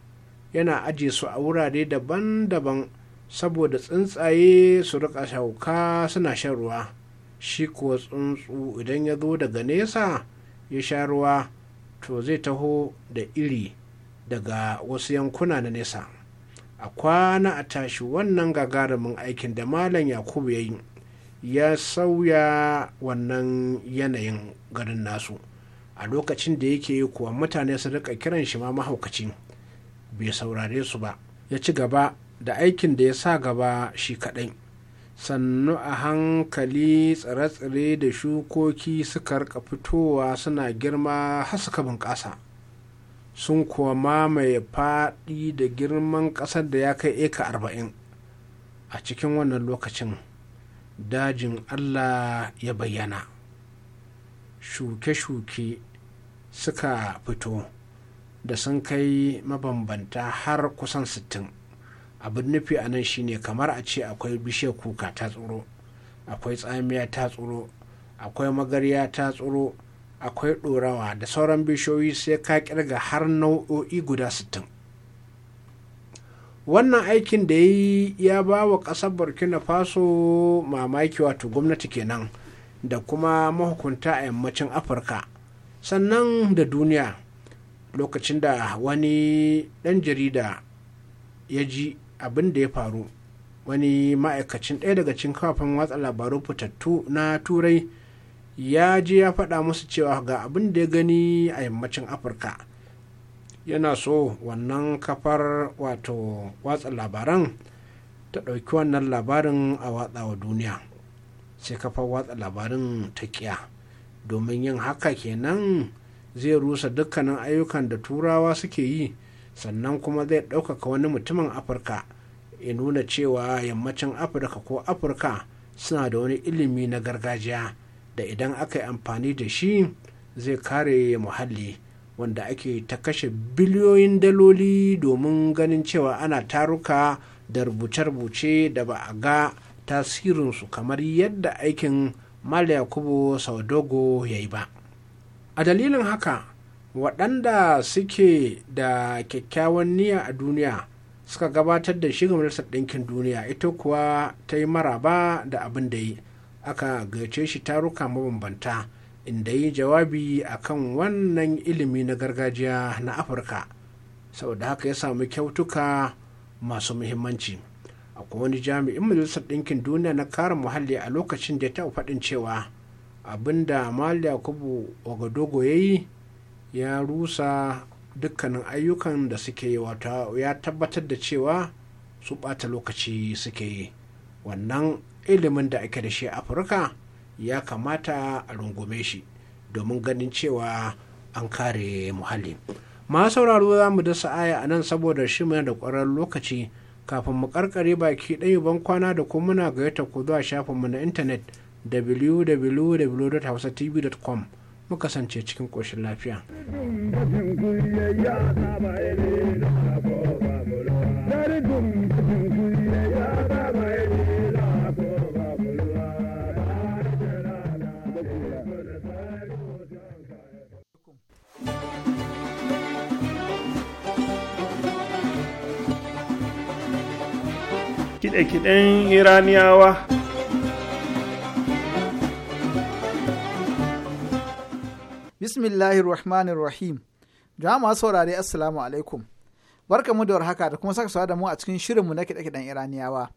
yana aje su a wurare daban-daban saboda tsuntsaye su rika shauka suna shan ruwa shi kuwa tsuntsu idan ya zo daga nesa ya sha ruwa to zai taho da iri daga wasu yankuna na nesa a kwana a tashi wannan gagarumin aikin da malam yakubu ya yi ya sauya wannan yanayin garin nasu a lokacin da yake kuwa mutane su rika kiran shi ma mahaukaci bai saurare su ba ya ci gaba da aikin da ya sa gaba shi kaɗai sannu a hankali tsire-tsire da shukoki suka rika fitowa suna girma har suka bunƙasa sun kuwa mamaye faɗi da girman ƙasar da ya kai eka arba'in a cikin wannan lokacin dajin allah ya bayyana shuke-shuke suka fito da sun kai mabambanta har kusan sittin. abin nufi a nan shine kamar a ce akwai bishiyar kuka ta tsoro akwai tsamiya ta tsoro akwai magarya ta tsoro akwai ɗorawa da sauran bishiyoyi sai ka kirga har nau'o'i guda sittin. wannan aikin da ya yi ya ba wa ƙasar burkina faso mamaki wato gwamnati kenan da kuma mahukunta a yammacin afirka sannan da duniya lokacin da wani ɗan jarida ya ji abin da ya faru wani ma'aikacin ɗaya daga cikin kafafen watsa labarun fitattu na turai ya je ya faɗa musu cewa ga abin da ya gani a yammacin afirka yana so wannan kafar wato watsa labaran ta ɗauki wannan labarin a watsa wa duniya sai kafar watsa labarin ta kiya domin yin haka kenan zai rusa dukkanin ayyukan da turawa suke yi sannan kuma zai ɗaukaka wani mutumin afirka ya nuna cewa yammacin afirka ko afirka suna da wani ilimi na gargajiya da idan aka yi amfani da shi zai kare muhalli wanda ake ta kashe biliyoyin daloli domin ganin cewa ana taruka da rubuce-rubuce da ba a ga tasirinsu kamar yadda aikin mala yakubu saudogo ya yi ba a dalilin haka waɗanda suke da kyakkyawan niyya a duniya suka gabatar da shi ga majalisar ɗinkin duniya ita kuwa ta yi maraba da abin da yi aka gayyace shi taruka mabambanta inda yi jawabi akan wannan ilimi na gargajiya na afirka saboda haka ya samu kyautuka masu muhimmanci akwai wani jami'in majalisar ɗinkin duniya na kare muhalli a lokacin da ya taɓa faɗin cewa abin da mali yakubu ogadogo ya yi ya rusa dukkanin ayyukan da suke yi wato ya tabbatar da cewa su ɓata lokaci suke yi wannan ilimin da ake da shi a afirka ya kamata a rungume shi domin ganin cewa an kare muhalli ma sauraro za mu dasa aya a nan saboda shi da ƙwararren lokaci kafin mu karkare baki ɗaya ban kwana da kuma muna gayyata ku zuwa shafinmu na intanet www.hausatv.com mu kasance cikin ƙoshin lafiya. Kiɗe-kiɗen Iraniyawa Bismillahirrahmanirrahim. Jama'a masu saurare Assalamu alaikum. mu da warhaka da kuma saka sawa da mu a cikin shirinmu na kiɗe-kiɗen Iraniyawa.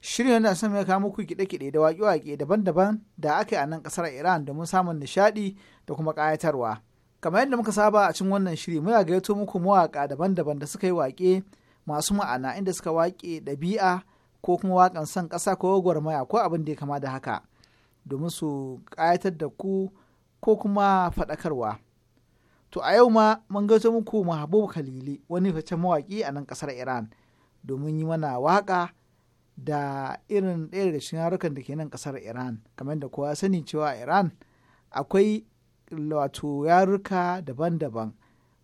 Shirin yana son ya kawo muku kiɗe-kiɗe da waƙe-waƙe daban-daban da aka yi a nan ƙasar Iran domin samun nishaɗi da kuma ƙayatarwa. Kamar yadda muka saba a cikin wannan shiri muna gayyato muku mawaƙa daban-daban da suka yi waƙe masu ma'ana inda suka waƙe ɗabi'a ko kuma waƙan son ƙasa ko gwarmaya ko abin da ya kama da haka domin su ƙayatar da ku ko kuma faɗakarwa. To a yau ma mun gaito muku Mahabubu Khalili wani facen mawaƙi a nan ƙasar Iran domin yi mana waƙa da irin ɗaya da shinarukan da ke nan ƙasar Iran. Kamar da kowa sani cewa Iran akwai wato yaruka daban-daban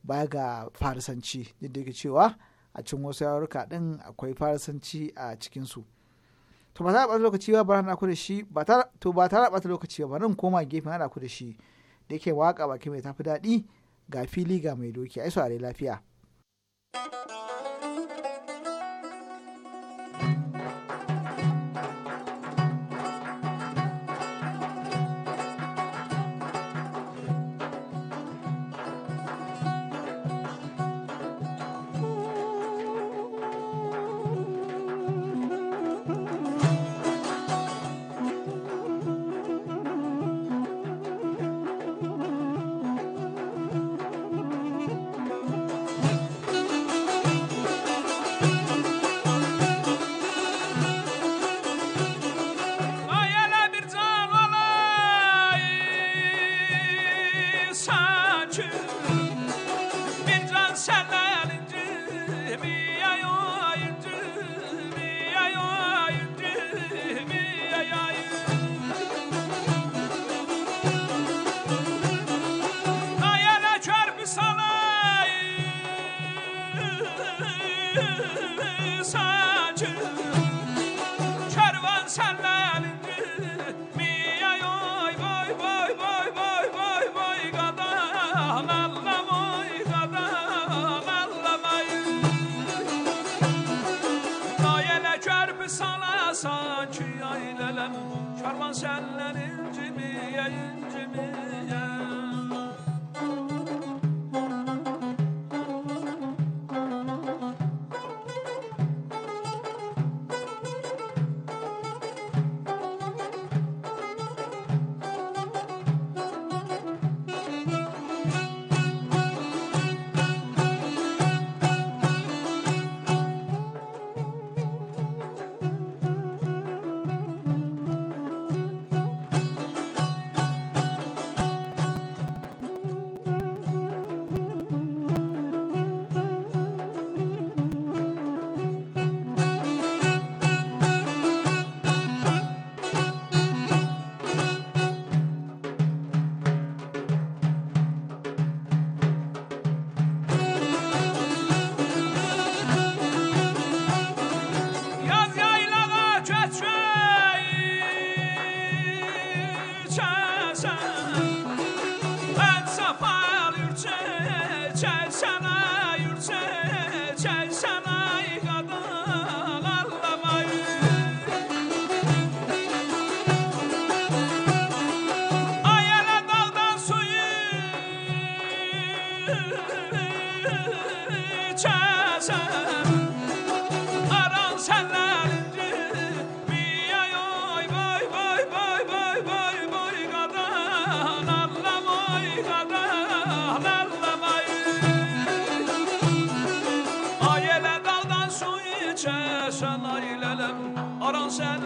baya ga farisanci yadda yake cewa a cikin wasu yaruka ɗin akwai farisanci a cikinsu. to ba ta ɓata lokaci ba bana ku da shi to ba ta ɓata lokaci ba nan koma gefen haɗa ku da shi da yake waƙa baki mai tafi daɗi ga fili ga mai doki ai su lafiya. senden inci Miye oy boy boy boy boy boy boy kadın Allam oy kadın Ay ele daldan su içe sen ay sen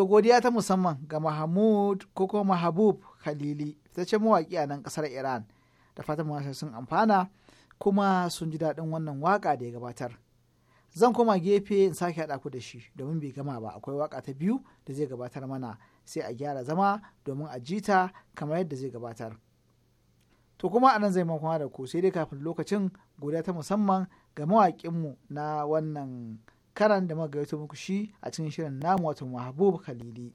To godiya ta musamman ga Mahmud ko kuma Mahabub Khalili fitaccen mawaƙi a nan ƙasar Iran da fatan masu sun amfana kuma sun ji daɗin wannan waƙa da ya gabatar. Zan koma gefe in sake haɗa ku da shi domin bai gama ba akwai waƙa ta biyu da zai gabatar mana sai a gyara zama domin a ji ta kamar yadda zai gabatar. To kuma a nan zai kuma da ku sai dai kafin lokacin godiya ta musamman ga mawaƙinmu na wannan karan da muka gaito muku shi a cikin shirin namu wato Mahabub Khalili.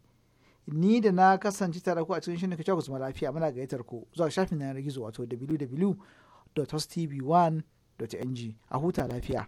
Ni da na kasance tare ku a cikin shirin kacewa zama lafiya muna gayyatar ku zuwa shafin yanar gizo wato wwwtv 1ng a huta lafiya.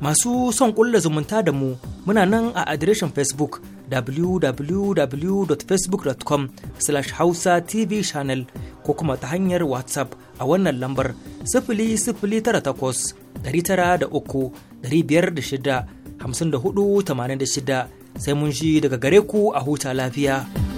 Masu son ƙulla zumunta da mu muna nan a adireshin Facebook www.facebook.com slash hausa tv channel ko kuma ta hanyar WhatsApp a wannan lambar sifili sifili tara takwas ɗari tara hamsin da hudu tamanin da shida sai mun shi daga gare ku a huta lafiya.